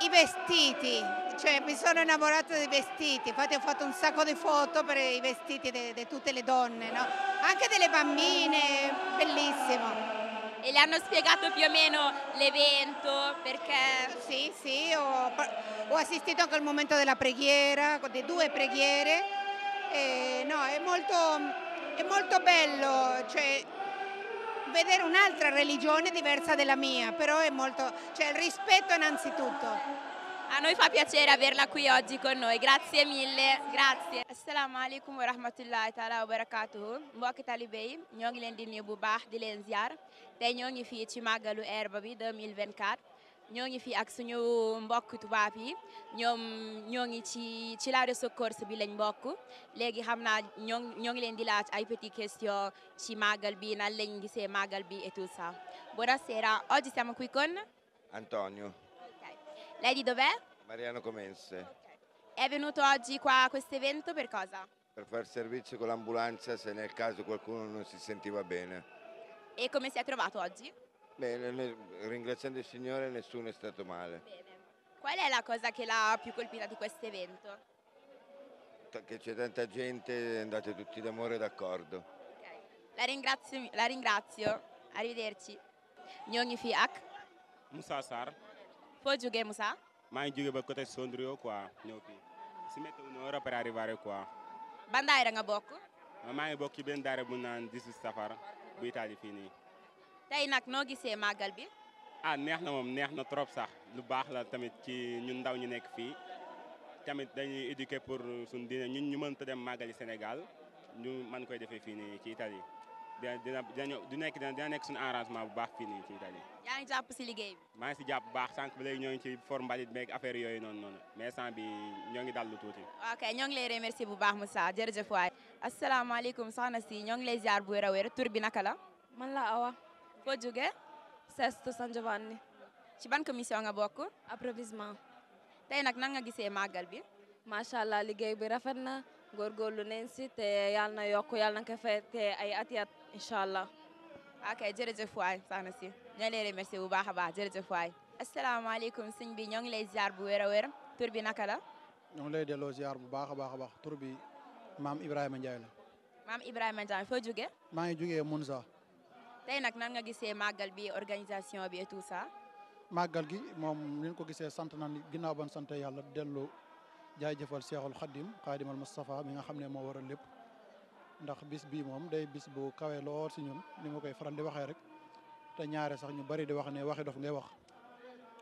I vestiti, cioè mi sono innamorata dei vestiti, infatti ho fatto un sacco di foto per i vestiti di tutte le donne, anche delle bambine, bellissimo. E le hanno spiegato più o meno l'evento, perché... Sì, sì, ho, assistito anche al momento della preghiera, di due preghiere, e, no, è molto bello, cioè, vedere un'altra religione diversa della mia, però è molto, cioè il rispetto innanzitutto. A noi fa piacere averla qui oggi con noi, grazie mille, grazie. Assalamu alaikum wa rahmatullahi ta'ala wa barakatuhu. Mbokki ñoo ngi leen di nuyu bu baax di leen ziar tey ñoo ngi fii ci màggalu Herba bi 2024 ñoo ngi fi ak suñu mbokk tubaab yi ñoom ñoo ngi ci ci la ressource bi lañ mbokk léegi xam naa ñoo ñoo ngi leen di laaj ay petit question ci màggal bi nan lañ gisee màggal bi et tout ça buonasera oggi siamo qui con Antonio okay. lei di dov'è? Mariano Comense okay. è venuto oggi a questo evento per cosa? per far servizio con l'ambulanza se nel caso qualcuno non si sentiva bene e come si è trovato oggi? Bene, ringraziando il Signore nessuno è stato male. Bene. Qual è la cosa che l'ha più colpita di questo evento? Che c'è tanta gente, andate tutti d'amore d'accordo. La, ringrazio, la ringrazio, arrivederci. Ñoo fi ak Moussa Sarr. foo jógee Moussa. maa ngi jógee ba côté Sondrio quoi ñëw fii si météo non repère arrivare quoi. ban daayira nga bokk. maa ngi bokk ci benn daayira bu naan fii nii. tey nag noo gisee màggal bi. ah neex na moom neex na trop sax lu baax la tamit ci ñun ndaw ñu nekk fii tamit dañu éduquer pour suñu diine ñun ñu mënta dem yi Sénégal ñu mën koy defee fii nii ci Italie dina dina dina du nekk dina nekk suñu bu baax fii nii ci Italie. yaa ngi jàpp si liggéey bi. maa ngi si jàpp bu baax sànq ba léegi ñoo ngi ci for mbalit meeg affaire yooyu noonu noonu mais sant bi ñoo ngi dal lu tuuti. ok ñoo ngi lay remercier bu baax Moussa jërëjëf waay. asalaamaaleykum soxna si ñoo ngi lay ziar bu wér a bi naka la. man la Awa. foo jógee Sest San Giovanni si ban commission nga bokk approvisionnement tey nag nan nga gisee màggal bi macha allah liggéey bi rafet na góorgóorlu nañ si te yàlla na yokk yàlla na ko fete ay at yat incha allah ok jërëjëf waay soxna si ñoo leen remercié bu baax a baax jërëjëf waay asalaamaaleykum sëñ bi ñoo ngi lay ziar bu wér a wér tur bi naka la ñoo ngi lay delloo ziar bu baax a baax a baax tur bi maam Ibrahima Ndiaye la maam Ibrahima Ndiaye foo jógee maa ngi jógee Monza tey nag nan nga gisee màggal bi organisation bi et tout ça. màggal gi moom ni ko gisee sant nañu ginnaaw ban sant yàlla dellu jaajëfal Seexul Xadim Xaadimal Mustafa mi nga xam ne moo waral lépp ndax bis bii moom day bis bo kawe lool si ñun ni ma koy faral di waxee rek te ñaare sax ñu bari di wax ne waxi dof ngay wax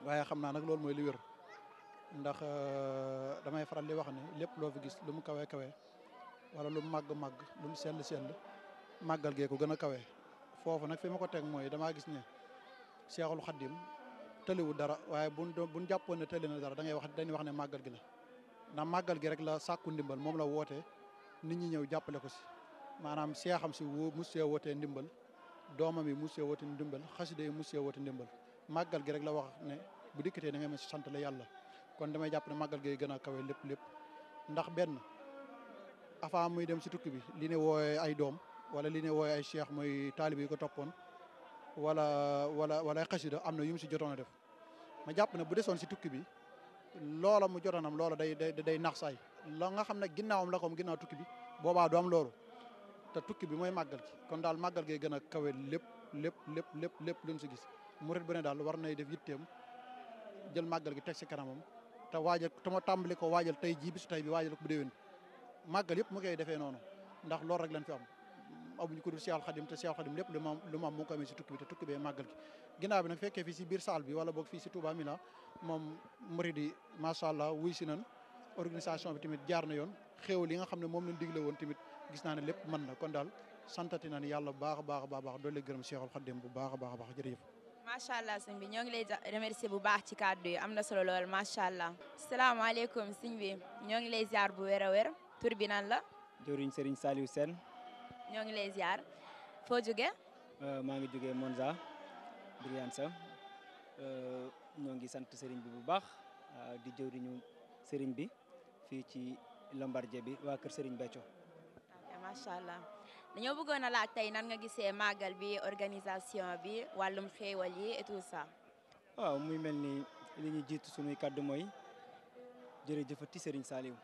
waaye xam naa nag loolu mooy li wér ndax euh, damay faral di wax ne lépp loo fi gis lu mu kawe kawe wala lu mu màgg màgg lu mu sell sell màggal gee ko gën a kawe. foofu nag fi ma ko teg mooy damaa gis ne Seexul Xaddim tëliwu dara waaye bu buñ jàppoon ne tëli na dara da wax dañuy wax ne màggal gi la na màggal gi rek la sàkku ndimbal moom la wootee nit ñi ñëw jàppale ko si maanaam seexam si woo musee wootee ndimbal doomam yi musee wootee ndimbal xasida yi musee wootee ndimbal màggal gi rek la wax ne bu dikkatee da ngay mën si sant la yàlla kon damay jàpp ne màggal gi gën a kawe lépp lépp ndax benn avant muy dem si tukki bi li ne wooyee ay doom wala li ne wooy ay cheikh mooy taalib yi ko toppoon wala wala wala ay xasida am na yu mu si jotoon def ma jàpp na bu desoon si tukki bi loola mu jotoonam loola day day day nax saay la nga xam ne ginnaawam la ko ginnaaw tukki bi boobaa du am te tukki bi mooy màggal gi kon daal màggal gee gën a kawe lépp lépp lépp lépp lépp luñ si gis murit bu ne daal war nay def yitteem jël màggal gi teg si kanamam te waajal te ma tàmbali ko waajal tey jii su tey bi waajal ko bu déwén màggal yëpp mu koy defee noonu ndax loolu rek lañ fi am amuñu ko dul Seexul Xadim te Seexul Xadim lépp lu ma lu ma am mu si tukki bi te bi nag jaar na yoon xéewal yi nga xam ne moom lañ digle woon tamit gis naa ne lépp mën na kon daal santati na ni yàlla bu baax a baax a baax doole gërëm Seexul Xadim bu a baax a baax jërëjëf macha bu baax ci kàddu yi am na solo lool macha allah. salaamaaleykum sëñ bi ñoo ngi lay ziar bu wér a wér tur bi nan la. jëwriñ Serigne Saliou Sène ñoo ngi lay ziar foo jóge euh, maa ngi jóge Monza Brian Sam euh, ñoo ngi sant sëriñ bi bu baax euh, di jëwriñu sëriñ bi fii ci Lombardie bi waa kër sëriñ Béthio. macha allah dañoo bëggoon a laaj tey nan nga gisee màggal bi organisation bi wàllum xéewal yi et tout muy mel ni li ñu jiit sunuy kaddu mooy jërëjëfati sëriñ saaliw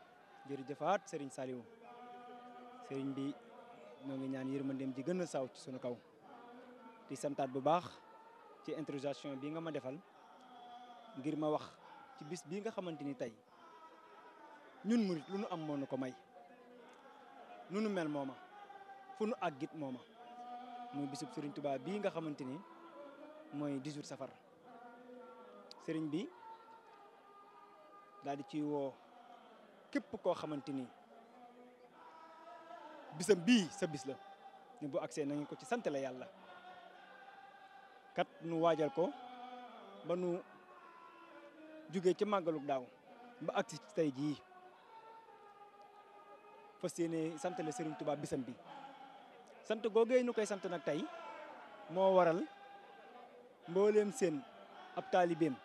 jërëjëfaat sëriñ Saliou sëriñ bi. ñoo ngi ñaan yërmandeem ji gën saw ci suñu kaw di santaat bu baax ci introduction bi nga ma defal ngir ma wax ci bis bi nga xamante ni tey ñun murit lu nu am moo nu ko may nu nu mel mooma fu nu àggit mooma muy bisub sëriñ Tuubaa bii nga xamante ni mooy 18 safar sëriñ bi daldi ciy woo képp koo xamante ni bisam bii sa bis la ñu bu agsee nañu ko ci sant la yàlla kat nu waajal ko ba nu jugee ci màggalu daaw ba agsi ci tey jii fas yéene sant la tubaab bisam bi sant googee ñu koy sant nag tey moo waral mbooleem séen ab taalibeem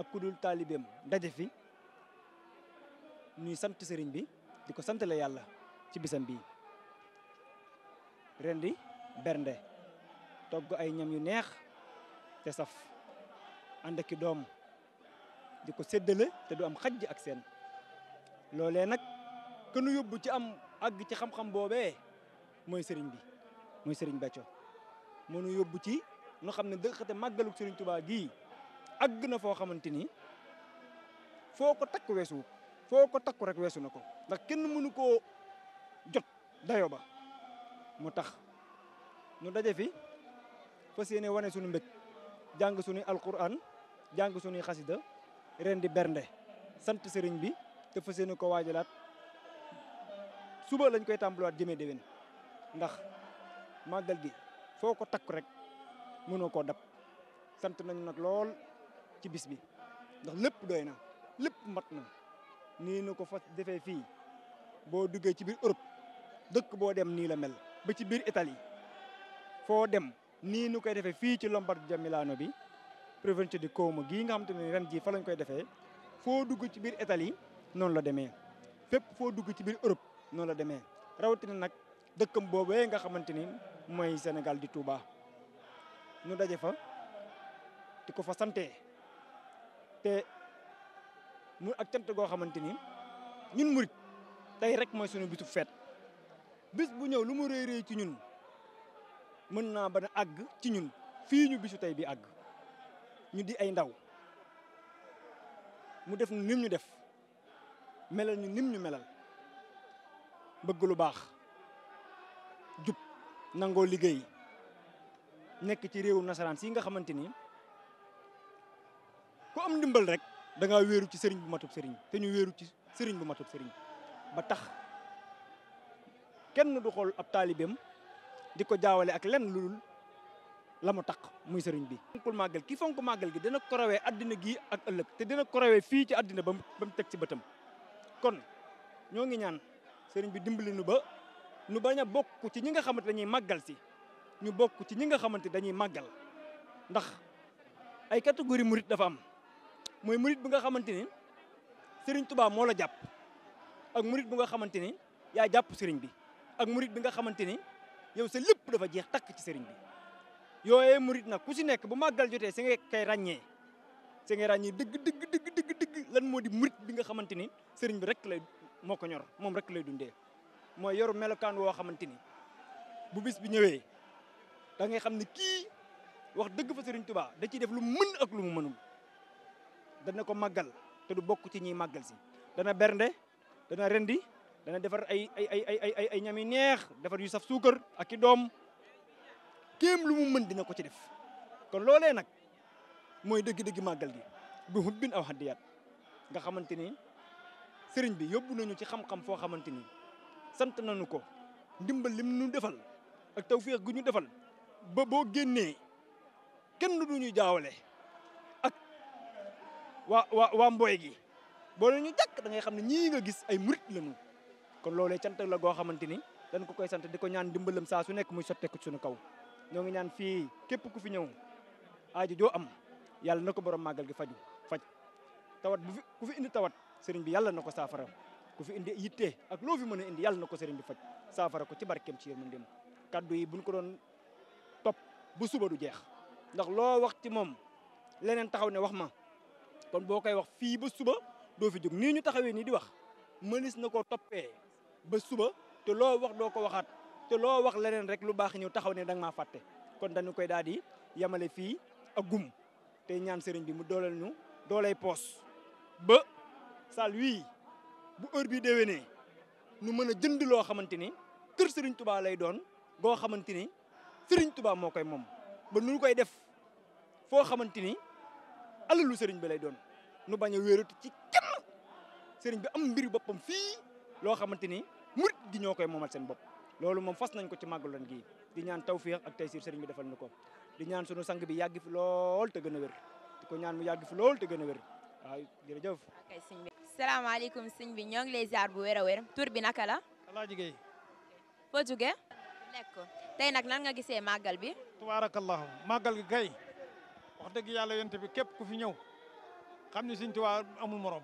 ak kudul taalibeem ndaje fi nuy sant Serigne bi di ko santale yàlla ci bisam bi ren di bernde togg ay ñam yu neex te saf ànd ak i doom di ko séddale te du am xajj ak seen loole nag kënu yóbbu ci am àgg ci xam-xam boobee mooy sëriñ bi mooy sëriñ Béthio mënu yóbbu ci nu xam ne dëkkate màggalu sëriñ Tuubaa gii àgg na foo xamante ni foo ko takk weesu foo ko takku rek weesu na ko ndax kenn mënu jot dayo ba mu tax ñu daje fi fas yéene wane suñu mbëg jàng suñu alquran jàng suñuy xasida ren di bernde sant sëriñ bi te fas yéene ko waajalaat suba lañ koy tàmbaliwaat jëmee déwén ndax màggal gi foo ko takk rek mënoo koo dab sant nañu nag lool ci bis bi ndax lépp doy na lépp mat na nii nu ko fas defee fii boo duggee ci biir Europe dëkk boo dem nii la mel ba ci biir Italie foo dem nii nu koy defee fii ci Lombardia Milano bi province di Como gii nga xam te ne jii fa lañ koy defee foo dugg ci biir Italie noonu la demee fépp foo dugg ci biir Europe noonu la demee rawatina nag dëkkam boobee nga xamante ni mooy Sénégal di Touba nu daje fa di ko fa santee te mu ak cant goo xamante ni ñun murit tey rek mooy sunu bisu feet bis bu ñëw lu mu rëy rëy ci ñun mën naa ba àgg ci ñun fii ñu bisu tey bi àgg ñu di ay ndaw mu def nim ñu def melal ñu nim ñu melal bëgg lu baax jub nangoo liggéey nekk ci réewu nasaraan si nga xamante ni ku am ndimbal rek da ngaa wéeru ci sëriñ bu matub sëriñ te ñu wéeru ci sëriñ bu matub sëriñ ba tax kenn du xool ab taalibeem di ko jaawale ak lenn lu dul la mu taq muy sëriñ bi. fonkul màggal ki fonk màggal gi dana ko rawee addina gii ak ëllëg te dana ko rawee fii ci àddina ba mu teg ci bëtam kon ñoo ngi ñaan sëriñ bi dimbali nu ba nu bañ a bokk ci ñi nga xamante dañuy màggal si ñu bokk ci ñi nga xamante dañuy màggal ndax ay catégorie murit dafa am mooy murit bi nga xamante ni sëriñ Tuubaa moo la jàpp ak murit bu nga xamante ni yaa jàpp sëriñ bi. ak murit bi nga xamante ni yow sa lépp dafa jeex takk ci sëriñ bi yooyee murit nag ku si nekk bu màggal jotee si nga koy ràññee si ngay ràññee dëgg dëgg dëgg dëgg dëgg lan moo di murit bi nga xamante ni sëriñ bi rek lay moo ko ñor moom rek lay dundee mooy yoru melokaan woo xamante ni bu bis bi ñëwee da ngay xam ni kii wax dëgg fa sëriñ Tuubaa da ciy def lu mën ak lu mu mënul dana ko màggal te du bokk ci ñiy màggal si dana bernde dana rendi dana defar ay ay ay ay ay ñam yu neex defar yu saf suukar ak i doom kéem lu mu mën dina ko ci def kon loole nag mooy dëgg-dëgg màggal gi bu hubbin aw hadiyaat nga xamante ni sëriñ bi yóbbu nañu ci xam-xam foo xamante ni sant nañu ko ndimbal lim nu defal ak tawféex gu ñu defal ba boo génnee kenn du ñu jaawale ak waa waa waa mbooy gi boo leen ñu jàkk da ngay xam ne ñii nga gis ay murit lañu kon loolee cant la goo xamante ni dañ ko koy sant di ko ñaan dimbalam saa su nekk muy sotteeku suñu kaw ñoo ngi ñaan fii képp ku fi ñëw aajo joo am yàlla na ko borom màggal gi faju faj tawat bu fi ku fi indi tawat sëriñ bi yàlla na ko saafara ku fi indi yitte ak loo fi mën a indi yàlla na ko sëriñ bi faj saafara ko ci barkeem ci yërmandeem kaddu yi bu buñ ko doon topp bu suba du jeex ndax loo wax ci moom leneen taxaw ne wax ma kon boo koy wax fii ba suba doo fi jóg nii ñu taxawee nii di wax mënis na koo toppee ba suba te loo wax doo ko waxaat te loo wax leneen rek lu baax ñëw taxaw ne danga nga fàtte kon dañu koy daal di yemale fii ak gum te ñaan sëriñ bi mu dooleel ñu doolay poos ba sal wii bu heure bi ne nu mën a jënd loo xamante ni kër sëriñ tubaa lay doon goo xamante ni sëriñ tubaa moo koy moom ba nu koy def foo xamante ni alalu sëriñ bi lay doon nu bañ a wéeratu ci kenn sëriñ bi am mbir boppam fii loo xamante ni murit gi ñoo koy moomal seen bopp loolu moom fas nañ ko ci màggalu ren gii di ñaan tawféex ak taysiir sëriñ bi defal ñu ko di ñaan sunu sang bi yàgg fi lool te di ko ñaan mu yàgg fi lool te gën a wér waaw jërëjëf. salaamaaleykum sëñ bi ñoo ngi lay ziar bu wér a wér tur bi naka la. Alaaji Gey. foo jugee. nekk tey nag nan nga gisee màggal bi. tubaarakallahu màggal gi gay wax dëgg yàlla yonte bi képp ku fi ñëw xam ni sëñ Tuubaa amul morom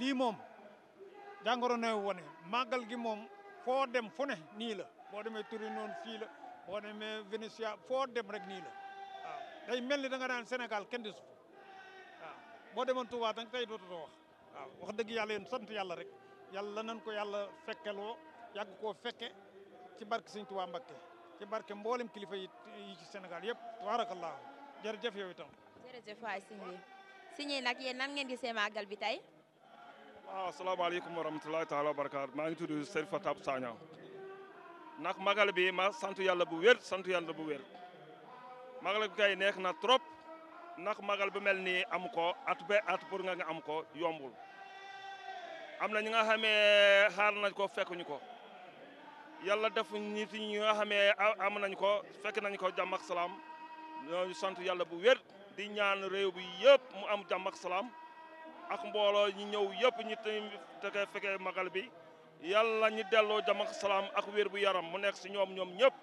lii moom. jàngoro ne wone màggal gi moom foo dem fu ne nii la boo demee Torino fii la boo demee Venetia foo dem rek nii la waaw day mel ni da naan senegal kenn desu waaw boo demoon Touba danga tey dootutoo wax waaw wax dëgg yàlla yéen sant yàlla rek yàlla nan ko yàlla fekkeloo yàgg koo fekke ci barke Sëñ Touba Mbakke ci barke mboolem kilifa yi ci Sénégal yëpp tabaarakallaahu jërëjëf yow itam. jërëjëf waay sëñ bi sëñ yi nag yéen nan ngeen gisee màggal bi tey. waaw ah, asalaamaaleykum wa rahmatulahi taala wa barakaatu maa ngi tudd Serigne Fatab Sagna nak magal bi ma sant yàlla bu wér sant yàlla bu wér magal bi kay neex na trop nak magal bu mel nii am ko at ba at pour am ko yombul am na ñi nga xamee xaar nañ ko fekkuñu ko yàlla def nit ñi nga xamee am nañ ko fekk nañ ko jàmm ak salaam ñooñu sant yàlla bu wér di ñaan réew bi yëpp mu am jàmm ak salaam ak mbooloo ñi ñëw yëpp ñi tege fekkee magal bi yàlla ñi delloo jàmm ak salaam ak wér bu yaram mu nekk si ñoom ñoom ñëpp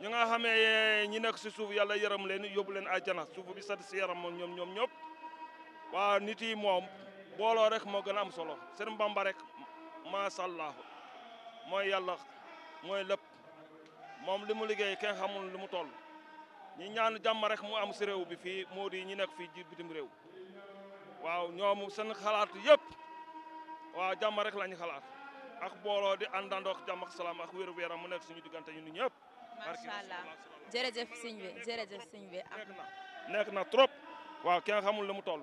ñi nga xamee ñi nekk si suuf yàlla yaram leen yóbbu leen àjjana suuf bi sat si yaram ñoom ñoom ñëpp waa nit yi moom booloo rek moo gën a am solo seen Bamba rek macha allah mooy yàlla mooy lépp moom li mu liggéey kenn xamul li mu tol ñi ñaan jàmm rek mu am si réew bi fii moo di ñi nekk fii bitim réew waaw ñoom seen xalaat yëpp waaw jàmm rek lañu xalaat ak booloo di àndandoo ak jàmm ak salaam ak wér wéram mu nekk suñu diggante ñun ñëpp. macha allah jërëjëf sëñ bi jërëjëf sëñ bi na. trop waaw ki la mu toll.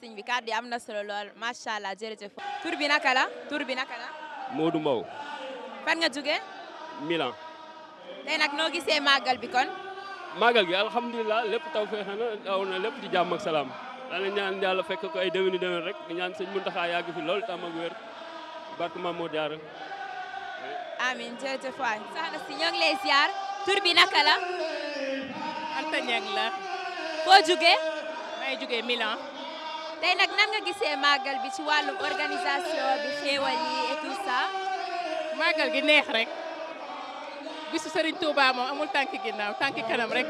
sëñ bi kàddu yi am na solo lool macha allah jërëjëf. tur bi naka la bi naka Mbow. fan nga jóge Milan. tey nag noo gisee màggal bi kon. màggal gi alhamdulilah lépp taw fexe na aw na lépp di jàmm ak daana ñaan yàlla fekk ko ay déwéni déwén rek di ñaan sëñ Muntaxa yàgg fi lool tam ak wér barke Maam Mor Jaara amiin jërëjëf waay soxna si ñoo ngi lay ziar tur bi naka la Anta Ñeng la foo jugee may jugee Milan tey nag nan nga gisee màggal bi ci wàllum organisation bi xéewal yi et tout ça gi neex rek bisu Serigne Touba moom amul tànki ginnaaw tànki kanam rek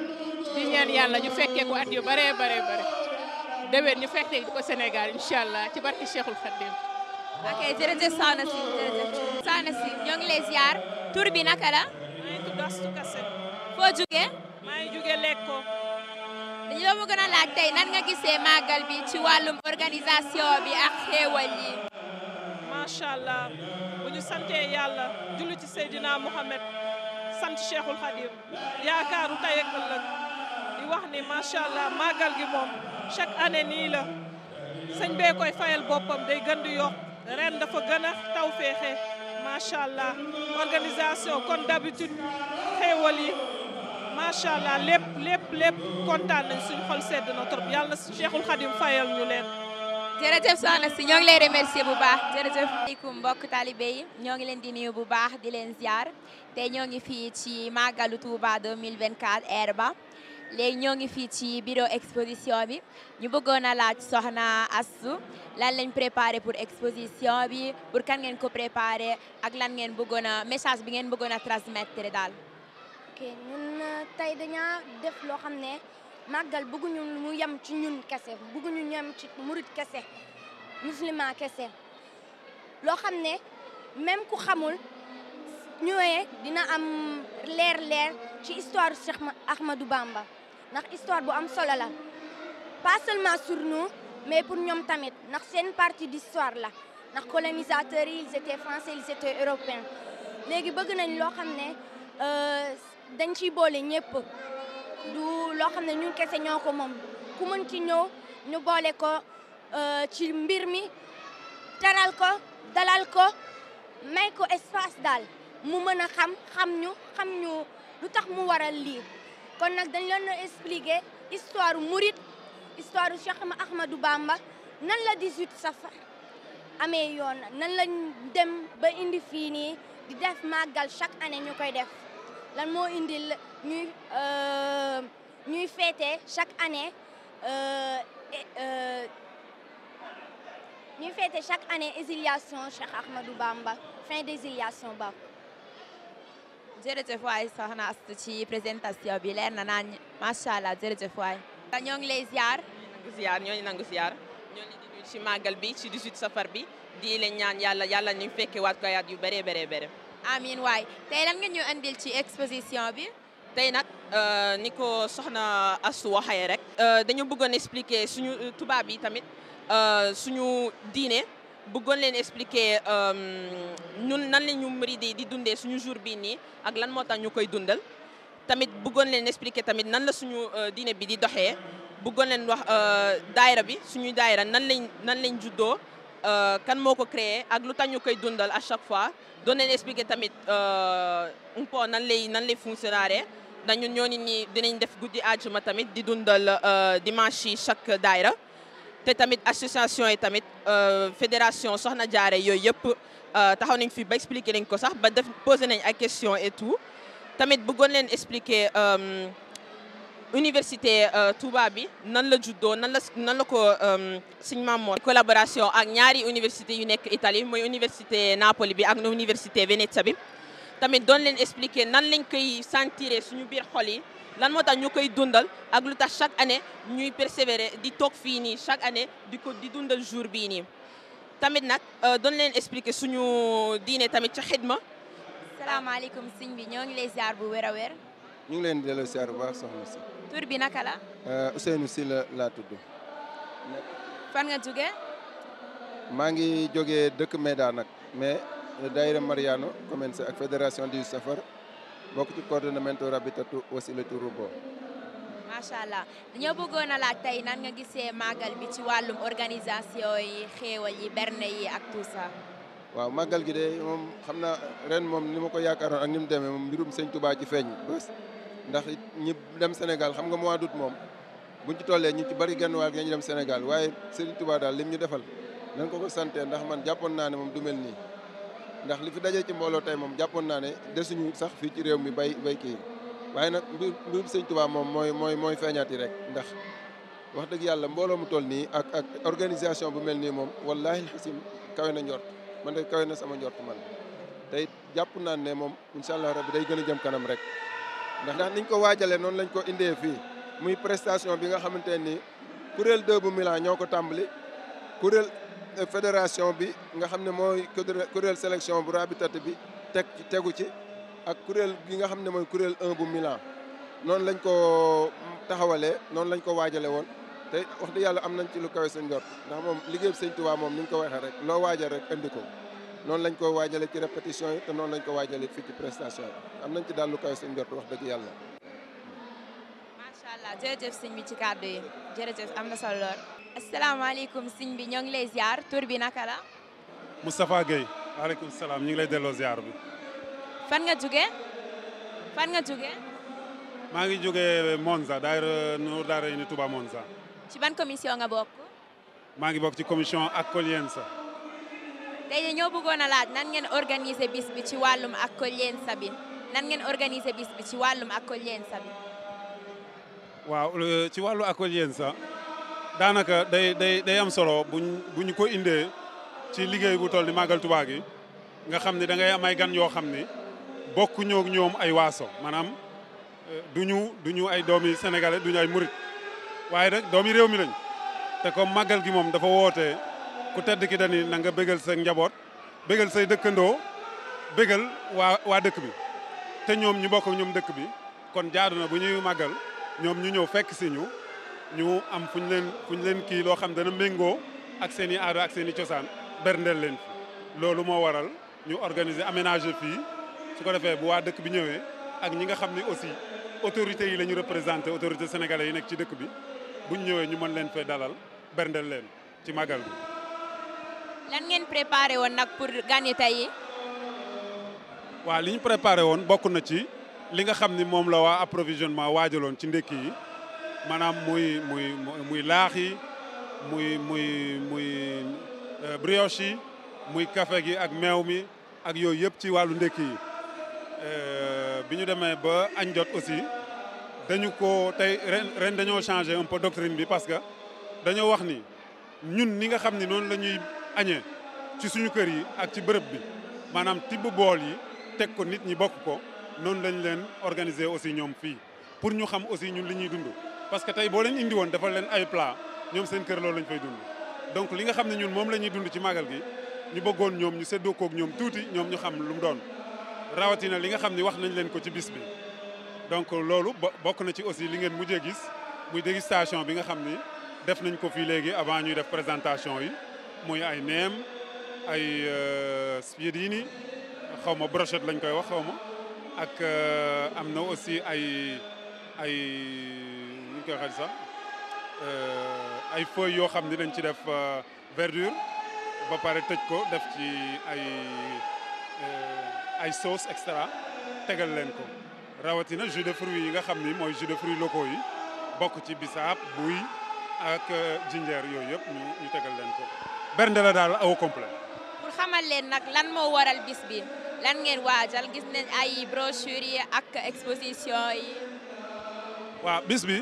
di ñaan yàlla ñu fekkee at yu bare bare bare déwén ñu fekk ko Sénégal incha allah ci barki Cheikhul Khadim. ok jërëjëf Soxna si si ñoo ngi lay tur bi naka la. maa ngi tudd Astou foo jugee. maa ngi Lekko. dañu la gën a laaj tey nan nga gisee màggal bi ci wàllum organisation bi ak xéewal yi. macha allah bu ñu sante yàlla julli Seydina Mohamed sant Cheikhul Khadim yaakaaru tey ak ëllëg wax ni macha allah màggal gi moom. chaque année nii la sëñ bee koy fayal boppam day gën di yokk ren dafa gën taw féexe macha allah organisation kon d'habitude xéewal yi macha lépp lépp lépp kontaan nañ suñu xol sedd na trop yàlla na Cheikhul Khadim fayal ñu leen. jërëjëf soxna si ñoo ngi lay remercier bu baax jërëjëf. asalaamaaleykum mbokk taalibe yi ñoo ngi leen di nuyu bu baax di leen ziar te ñoo ngi fii ci màggalu Touba 2024 Air ba. léegi ñoo ngi fii ci bureau exposition bi ñu bëggoon a laaj soxna Assu lan lañ préparé pour exposition bi pour kan ngeen ko préparé ak lan ngeen bëggoon a message bi ngeen bëggoon a transmettre daal. ok ñun euh, tey dañaa def loo xam ne màggal bëgguñu mu yem ci ñun kese bëgguñu ñu yem ci murit kese musulman kese loo xam ne même ku xamul ñëwee dina am leer-leer ci histoire Cheikh Ahmadou Bamba. ndax histoire bu am solo la pas seulement sur mais pour ñoom tamit ndax seen partie d'histoire la ndax colonisateurs yi ils étaient français ils étaient européens léegi bëgg nañ loo xam ne euh, dañ ciy boole ñëpp du loo xam ne ñu kese ñoo ko moom ku mën ci ñëw ñu boole ko euh, ci mbir mi teral ko dalal ko may ko espace daal mu mën a xam xam ñu xam ñu lu tax mu waral lii kon nag dañ leen doon expliquer histoire Mouride histoire Cheikh Ahmadou Bamba nan la 18 safar amee yoon nan lañ dem ba indi fii nii di def màggal chaque année ñu koy def lan moo indil ñuy euh, ñuy féete chaque année euh, euh, ñuy féete chaque année exiliation Cheikh Ahmadou Bamba fin d'exiliation ba jërëjëf waay soxna Astu ci présentation bi leer na naañ macha allah jërëjëf waay. ñoo ngi lay ziar. nangu ziar ñoo ngi nangu ziar. ñoo ngi di ci màggal bi ci 18 safar bi di leen ñaan yàlla yàlla ñu fekke waat ko yaat yu bëree bëree bëri. amiin waay tey lan nga ñu andil ci exposition bi. tey nag euh, ni ko soxna Astu waxee rek. Euh, dañu bëggoon expliquer suñu euh, tubaab yi tamit suñu diine. bëggoon leen expliquer euh, ñun nan la ñu Mouride di dundee suñu jour bii nii ak lan moo tax ñu koy dundal tamit bëggoon leen expliquer tamit nan la suñu euh, diine bi di doxee bëggoon leen wax euh, daayira bi suñu daayira nan lañ nan lañ juddoo kan moo ko créer ak lu tax ñu koy dundal a chaque fois doon leen expliquer tamit un peu nan lay nan lay fonctionnaire dañu ñoo ni dinañ def guddi àjjuma tamit di dundal dimanche yi chaque daayira te tamit association yi tamit euh, fédération Soxna Jaare yooyu yëpp euh, taxaw nañ fi ba expliqué nañ ko sax ba def posé nañ ay question et tout tamit bëggoon leen expliquer euh, université Touba bi nan la juddoo nan la nan la ko suñ maam moo collaboration ak ñaari université yu nekk Italie mooy université Napoli bi ak université Venezia bi tamit doon leen expliquer nan lañ koy sentir suñu biir xol yi lan moo tax ñu koy dundal ak lu tax chaque année ñuy persévérer di toog fii nii chaque année di ko di dundal jour bii nii tamit nag euh, doon leen expliquer suñu diine tamit ci xidma. salaamaaleykum sëñ bi ñoo ngi lay ziar bu wér a ñu ngi leen di delloo ziar bu soxna si. tur bi naka la. Euh, Ousseynou si la laa tudd. fan nga jógee. maa ngi jógee dëkk Médane nag mais daayira Mariano commencé ak fédération du Safar. bokk ci coordonnement rabitatu wasilatu rubo macha allah ñoo bëggoon a laaj tey nan nga gisee màggal bi ci wàllum organisation yi xéewal yi berne yi ak tout waaw màggal gi de moom xam naa ren moom ni ma ko yaakaaroon ak ni mu demee moom mbirum sëñ Touba ci feeñ bés ndax ñi dem Sénégal xam nga mois d'août moom bu ci tollee ñu ci bari genn wàll gi ñu dem Sénégal waaye sëñ Touba daal lim ñu defal nan ko ko santee ndax man jàppoon naa ne moom du mel nii. ndax li fi dajee ci mbooloo tey moom jàppoon naa ne desuñu sax fii ci réew mi bay bay kii waaye nag mbir mbirum sëñ Tuubaa moom mooy mooy mooy feeñaat yi rek ndax wax dëgg yàlla mbooloo mu toll nii ak ak organisation bu mel nii moom wallaahi xasim kawe na njort man de kawe na sama njort man tey jàpp naa ne moom incha allah bi day gën a jëm kanam rek ndax ndax niñ ko waajalee noonu lañ ko indee fii muy prestation bi nga xamante nii kuréel 2 bu Milan ñoo ko tàmbali kuréel fédération bi nga xam ne mooy kuréel sélection bu rabitate bi teg tegu ci ak kuréel gi nga xam ne mooy kuréel 1 bu Milan noonu lañ ko taxawale noonu lañ ko waajale woon te wax dëgg yàlla am nañ ci lu kawe suñ njort ndax moom liggéey bi sëñ Tuubaa moom ni ñu ko waxee rek loo waajal rek indi ko noonu lañ ko waajale ci répétition yi te noonu lañ ko waajale fii ci prestation yi am nañ ci daal lu kawe suñ njort wax dëgg yàlla macha allah jërëjëf bi ci kàddu asalaamaaleykum sëñ bi ñoo ngi lay ziar tur bi naka la. Moustapha Gueye. waaleykum salaam ñu ngi lay delloo bi. fan nga jógee. fan nga jógee. maa ngi jógee Monza daayira Nour Daara ni Touba Monza. ci ban commission nga bokk. maa ngi bokk ci commission accoglienza. tey de ñoo bëggoon a laaj nan ngeen organiser bis bi ci wàllum accoglienza bi nan ngeen organiser bis bi ci wàllum accoglienza bi. waaw euh, ci wàllu accoglienza. daanaka day day day am solo buñ bu ñu ko indee ci liggéey bu toll ni màggal gi nga xam ni da ngay am ay gan yoo xam ni bokk ñoo ñoom ay waaso maanaam euh, du ñu du ñu ay doomi sénégalais du ñu ay murit waaye rek doomi réew mi lañ te comme màggal gi moom dafa woote ku tedd ki dani na nga bégal sa njaboot bégal say dëkkandoo bégal waa waa dëkk bi te ñoom ñu bokk ñoom dëkk bi kon jaadu na bu ñuy màggal ñoom ñu ñëw fekk si ñu ñu am fu ñu leen fu ñu leen kii loo xam dana méngoo ak seen i aada ak seen i cosaan berndeel leen fi loolu moo waral ñu organiser aménager fii su ko defee bu waa dëkk bi ñëwee ak ñi nga xam ni aussi autorités yi la ñu représenté autorités sénégalais yi nekk ci dëkk bi buñ ñëwee ñu mën leen fee dalal berndeel leen ci magal bi. lan ngeen préparé woon nag pour gan yi tey. waaw li ñu préparé woon bokk na ci li nga xam ni moom la waa approvisionnement waajaloon ci ndekki yi. maanaam muy muy muy laax yi muy muy muy euh, brioche yi muy café gi ak meew mi ak yooyu yëpp ci wàllu ndekki yi euh, bi ñu demee ba añ jot aussi dañu ko tey ren dañoo changé un peu doctrine bi parce que dañoo wax ni ñun ni nga xam ni noonu la ñuy añee ci suñu kër yi ak ci bërëb bi maanaam tibb bool yi teg ko nit ñi bokk ko noonu lañ leen organiser aussi ñoom fii pour ñu xam aussi ñun li ñuy dund parce que tey boo leen indiwoon woon leen ay plat ñoom seen kër loolu lañ fay dund donc li nga xam ne ñun moom la ñuy dund ci màggal gi ñu bëggoon ñoom ñu séddoo koog ñoom tuuti ñoom ñu xam lu mu doon rawatina li nga xam ne wax nañ leen ko ci bis donc loolu bokk na ci aussi li ngeen mujjee gis muy dégustation bi nga xam ni def nañ ko fii léegi avant ñuy def présentation yi muy ay neem ay euh, spiedini xaw ma brochette lañ koy wax xaw ma ak euh, am na aussi ay ay ñu koy waxee sax euh, ay feuilles yoo xam ni dañ ci def euh, verdure ba pare tëj ko def ci ay euh, ay sauce extra tegal leen ko rawatina jus de fruits yi nga xam ni mooy jus de fruits locaux yi bokk ci bisaab buy ak jinjeer yooyu yëpp ñu ñu tegal leen ko bernde la daal au complet pour xamal leen nag lan moo waral bis bi lan ngeen waajal gis nañ ay brochures yi ak exposition yi waaw bis bi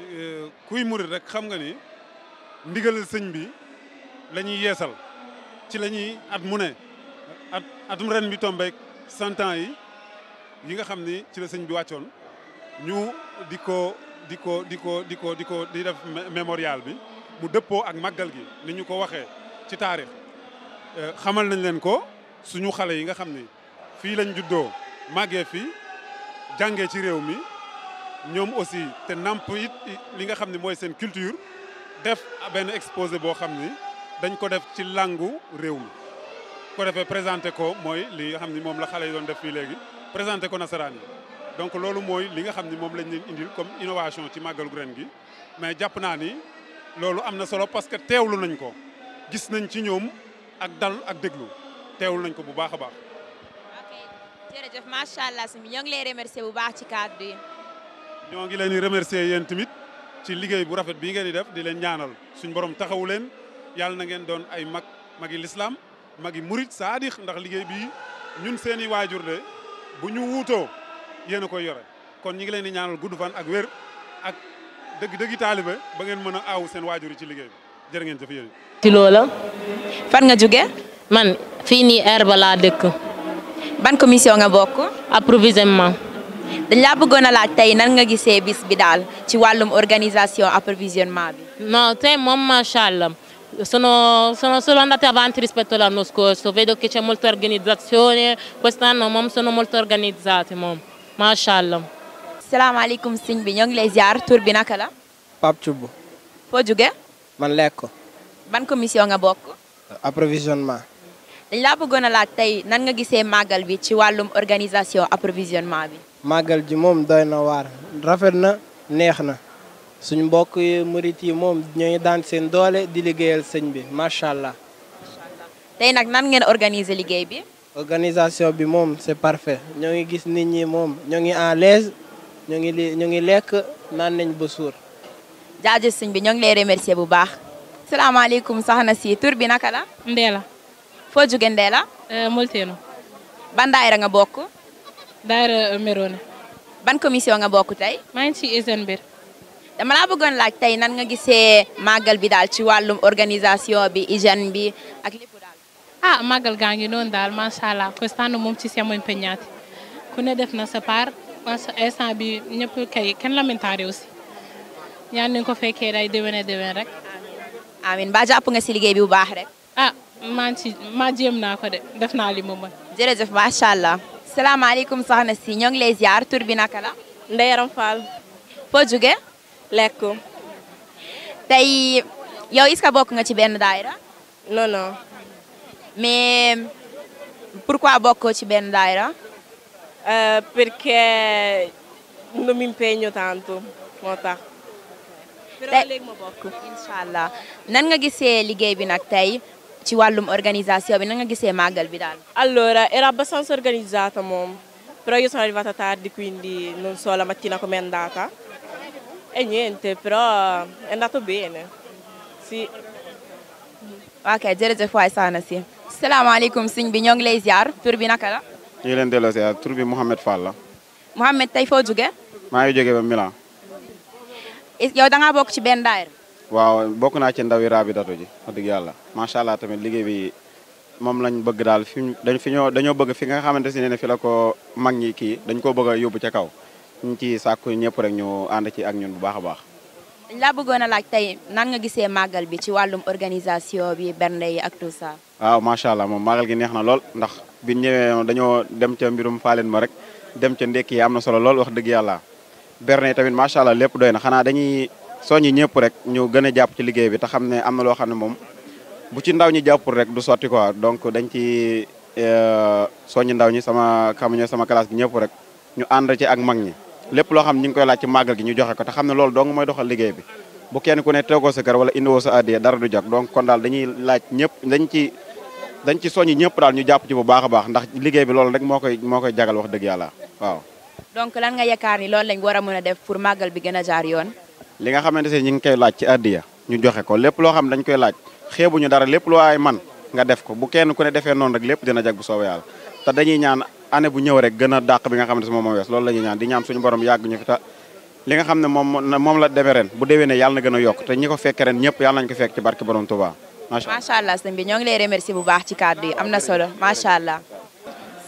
Euh, kuy murit rek xam nga ni ndigalal sëñ bi lañuy yeesal ci lañuy at mu ne at atum ren bi tombeek cent yi yi nga xam ni ci la sëñ bi wàccoon ñu di ko di ko di ko di ko di ko di def mémorial bi mu dëppoo ak màggal gi ni ñu ko waxee ci taarix euh, xamal nañ leen ko suñu xale yi nga xam ni fii lañ juddoo màggee fii jàngee ci réew mi ñoom aussi te namp li nga xam ne mooy seen culture def benn exposé boo xam ni dañ ko def ci langu réew mi ko defee présenté ko mooy li nga xam ni moom la xale yi doon def fii léegi présenté ko nasaraan donc loolu mooy li nga xam ni moom lañ leen indil comme innovation ci màggalu ren gi mais jàpp naa ni loolu am na solo parce que teewlu nañ ko gis nañ ci ñoom ak dal ak déglu teewlu nañ ko bu baax a baax. ok jërëjëf macha allah bu ñoo ngi leen di remercier yéen tamit ci liggéey bu rafet bii ngeen di def di leen ñaanal suñ borom taxawu leen yàlla na ngeen doon ay mag magi lislaam magi murit saadix ndax liggéey bii ñun seen i waajur de bu ñu wuutoo yéen a koy yore kon ñi ngi leen di ñaanal gudd fan ak wér ak dëgg-dëggi taalibe ba ngeen mën a aawu seen waajur yi ci liggéey bi jërë ngeen jëf yéen ci loola fan nga jóge man fii nii air ba laa dëkk ban commission nga bokk approvisionnement dañ laa bëggoon a laaj tey nan nga gisee bis bi daal ci wàllum organisation approvisionnement bi. no tey moom macha allah sono sono solo andate avanti rispetto all'anno scorso vedo che c'è molta organizzazione quest'anno moom sono molto organizzate moom macha allah. salaamaaleykum sëñ bi ñoo ngi lay ziar tur bi naka la. Pape Thioub. foo jugee. man lekk. ban commission nga bokk. approvisionnement. dañ laa bëggoon a laaj tey nan nga gisee màggal bi ci wàllum organisation approvisionnement bi. màggal ji moom doy na waar rafet na neex na suñ mbokk murit yi moom ngi daan seen doole di liggéeyal sëñ bi macha allah. tey nag nan ngeen organiser liggéey bi. organisation bi moom c'est parfait ñoo ngi gis nit ñi moom ñoo ngi en l'aise ñoo ngi li ñoo ngi lekk naan nañ ba suur. jaajëf sëñ bi ñoo ngi lay remercier bu baax. salaamaaleykum soxna si tur bi naka la. Ndéla. foo jóge Ndéla. Euh, Molteeno. bandaay daayira nga bokk. daara Merona. ban commission nga bokk tey. maa ngi ci hygiène bi. dama laa bëggoon laaj tey nan nga gisee màggal bi daal ci wàllum organisation bi hygiène bi ak lépp daal. ah màggal gaa ngi noonu daal macha allah Costano moom ci seen peñaati ku ne def na sa part instant bi ñëpp kay kenn lamentaare aussi ñaan nañu ko fekkee day déwénee déwén rek. amiin ba jàpp nga si liggéey bi bu baax rek. ah maa ngi ci maa jéem naa ko de def naa li mu mën. jërëjëf macha allah. salaamaaleykum soxna si ñoo ngi lay ziar tur bi naka la. Ndeye Yaram Fall. foo jugee. lekku. tey yow est-ce bokk nga ci benn daayira. non non. mais pourquoi bokkoo ci benn daayira. Euh, perché non mi impegno tanto moo tax. tey léegi ma bokk. incha nan nga gisee liggéey bi nag tey ci wàllum organisation bi nanga nga gisee màggal bi daal. Allora era abbastanza organizzata mom, però io sono arrivata tardi quindi non so la mattina com'è andata e niente, però è andato bene. Sì. ok jërëjëf waay saana si. salaamaaleykum sëñ bi ñoo ngi lay ziar bi naka la. ñu ngi leen delloo ziar tur bi Mouhamed Fall la. Mouhamed tey foo jógee. maa ngi jógee ba Milan. yow da ngaa bokk ci benn waaw bokk naa ci ndawi Rabitatu ji wax dëgg yàlla macha allah tamit liggéey bi moom lañ bëgg daal fi dañ fi ñoo dañoo bëgg fi nga xamante si ne fi la ko mag ñi kii dañ koo bëgg a yóbbu ca kaw ñu ci sàkku ñëpp rek ñu ànd ci ak ñun bu baax a baax. dañ laa bëggoon a laaj tey nan nga gisee màggal bi ci wàllum organisation bi bernde yi ak tout ça. waaw macha allah moom màggal gi neex na lool ndax bi ñëwee dañoo dem ca mbirum faaleen ma rek dem ca ndekki am na solo lool wax dëgg yàlla tamit macha allah soññi ñëpp rek ñu gën a jàpp ci liggéey bi te xam ne am na loo xam ne moom bu ci ndaw ñi jàppul rek du sotti quoi euh, ndaw ñi sama xamuñu sama classe bi ñëpp rek ñu ànd ak mag ñi lépp loo xam ne koy laaj ci màggal gi ñu joxe ko te xam ne loolu dong mooy doxal liggéey bi bu kenn ku ne tegoo sa kër wala indiwoo sa addiya dara du jog donc kon daal dañuy laaj ñëpp dañ ci dañ ci soññi ñëpp daal ñu jàpp ci bu baax a baax ndax liggéey bi loolu rek moo koy moo koy jagal wax dëgg yàlla waaw donc lan nga yaakaar ni loolu lañ war a mën a def pour màggal bi gën a jaar yoon li nga xamante ne ñu ngi koy laaj ci addiya ñu joxe ko lépp loo xam dañ koy laaj xeebuñu dara lépp lu waay nga def ko bu kenn ku ne defee noonu rek lépp dina jag bu soobee yàlla ñaan année bu ñëw rek a dàq nga xamante ne moom moo wees loolu la ñuy ñaan di ñaan suñu borom yàgg ñu fi ta li nga xam ne moom bu déwénee yàlla na gën a yokk te ñi ko fekk ren ñëpp yàlla nañu ko fekk ci barke borom Touba macha allah sëñ bi ñoo allah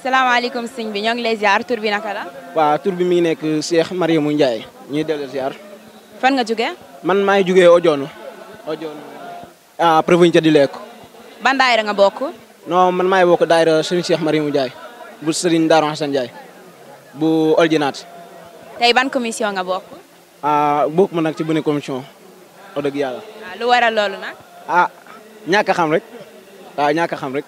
salaamaaleykum sëñ bi ñoo ngi lay ziar tur bi naka la waaw tur bi mi ngi nekk Cheikh Mariamou Ndiaye ñuy dellu ziar fan nga jugee. man maa ngi jugee Ojoonu. Ojoonu ah province di lekk. ban daayira nga bokk. non man may ngi bokk daayira Serigne mu Mariamou bu Serigne Darou Hassane Ndiaye bu Oljinaat. tey ban commission nga bokk. ah bokk ma nag ci benn commission. wax dëgg yàlla. waaw ah, lu waral loolu nag. ah ñàkk xam rek. waaw ah, ñàkk xam rek.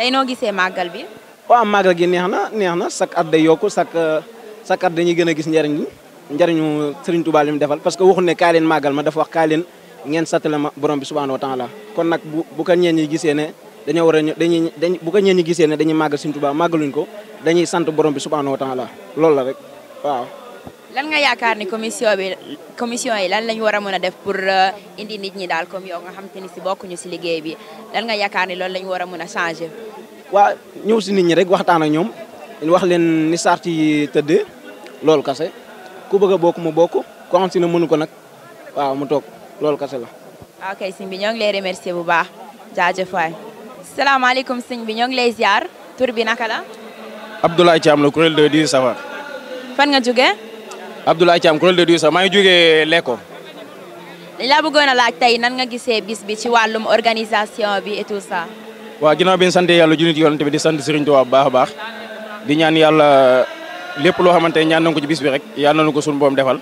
tey noo gisee màggal bi. waaw màggal gi neex na neex na chaque at day yokku chaque chaque at dañuy gën a gis njëriñ li. njëriñu Serigne Touba li mu defal parce que waxu ne kaay leen màggal ma dafa wax kaay leen ngeen sattale ma borom bi subhanahu wa taala kon nag bu bu ko ñeen ñi gisee ne dañoo war dañuy dañ bu ko ñeen màggal Serigne Touba màggaluñ sant borom bi subhanahu wa taala loolu la rek waaw. lan nga yaakaar ni commission bi commission yi lan la ñu war a mën a def pour euh, indi nit ñi daal comme yow nga xam te ni si ñu si liggéey bi lan nga yaakaar ni loolu la ñu war a mën a changer. waa ñëw si nit ñi rek waxtaan ak ñoom wax leen ni sart yi loolu kase ku bëgg a bokk mu bokk ku xam si ne mënu ko nag waaw mu toog loolu kese la. ok sëñ bi ñoo ngi lay remercier bu baax jaajëf waay. salaamaaleykum sëñ bi ñoo ngi lay ziar tur bi naka la. Abdoulaye Thiam la kuréel de di safar. fan nga jógee. Abdoulaye Thiam kuréel de di safar maa ngi jógee Lekko. li la bëggoon a laaj tey nan nga gisee bis bi ci wàllum organisation bi et tout ça. waaw bi ñu sant yàlla junit yoonte bi di sant Serigne Touba bu baax a baax di ñaan yàlla. lépp loo xamante ne ñaan nañ ko ci bis bi rek yal nañu ko suñu boom defal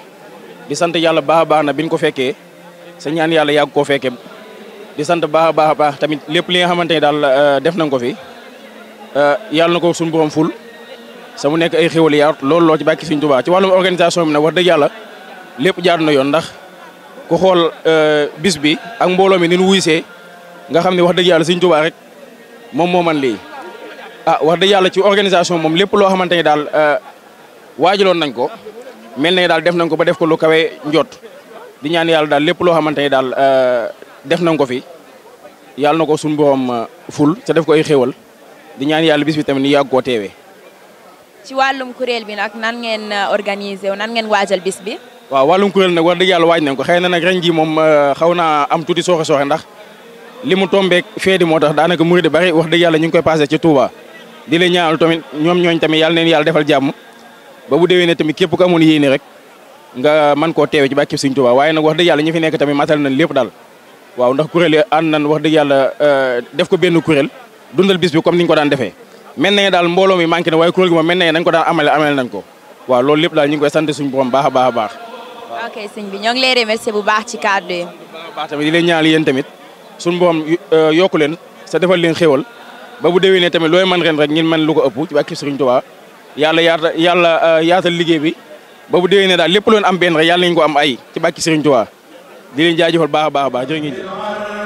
di sant yàlla baax a baax na biñ ko fekkee sa ñaan yàlla yàgg koo fekkee di sant baax a baax baax tamit lépp li nga xamante ne daal euh, def nañ ko fi euh, yàlla ko suñu borom ful sa mu nekk ay xéwal loolu loo ci bàkki suñ Tuubaa ci wàllum organisation bi na wax dëgg yàlla lépp jaar na yoon ndax ko xool euh, bis bi ak mbooloo mi ni ñu wuysee nga xam ne wax dëgg yàlla suñ Tuubaa rek moom moo man lii ah wax dëgg yàlla ci organisation moom lépp loo xamante ne daal waajaloon nañ ko mel na daal def nañ ko ba def ko lu kawee njott di ñaan yàlla daal lépp loo xamante ni daal euh, def nañ ko fi yàlla na ko suñu borom euh, ful te def ko ay xéewal di ñaan yàlla bis bi tamit ñu yàgg koo teewee. ci wàllum kuréel bi nag nan ngeen euh, organiser wu nan ngeen waajal bis bi. waaw wàllum kuréel nag wax dëgg yàlla waaj nañ ko xëy na nag ren jii moom xaw naa am tuuti sooxe sooxe ndax li mu tombeek feedi moo tax daanaka murid bari wax dëgg yàlla ñu ngi koy passé ci Touba. di la ñoom ñooñ tamit yàlla neen yàlla defal jàmm ba bu déwénee tamit képp ku amoon yéene rek nga man koo teewe ci bàkki Sëriñ Tuubaa waaye nag wax dëgg yàlla ñu fi nekk tamit matal nañ lépp daal waaw ndax kuréel yi ànd nañ wax dëgg yàlla euh, def ko benn kuréel dundal bis bi comme ñu ko daan defee mel nañu daal mbooloo i manqué na waaye kuréel gi moom mel nañu nañ ko daan amale amale nañ ko waaw loolu lépp daal ñu koy sant suñu borom baax a baax a baax ok sëñ bi ñoo ngi lay bu baax ci kàddu yi baax tamit di leen ñaanal yéen tamit suñu borom euh, yokku leen sa defal leen xéwal ba bu déwénee tamit looy man ren rek ñin man lu ko ëpp ci bàkki yàlla yaata yàlla euh, yaatal liggéey bi ba bu déwénee daal lépp loon am benn yàlla nañu ko am ay ci bàkki Serigne to di leen jaajëfal baax a baax baax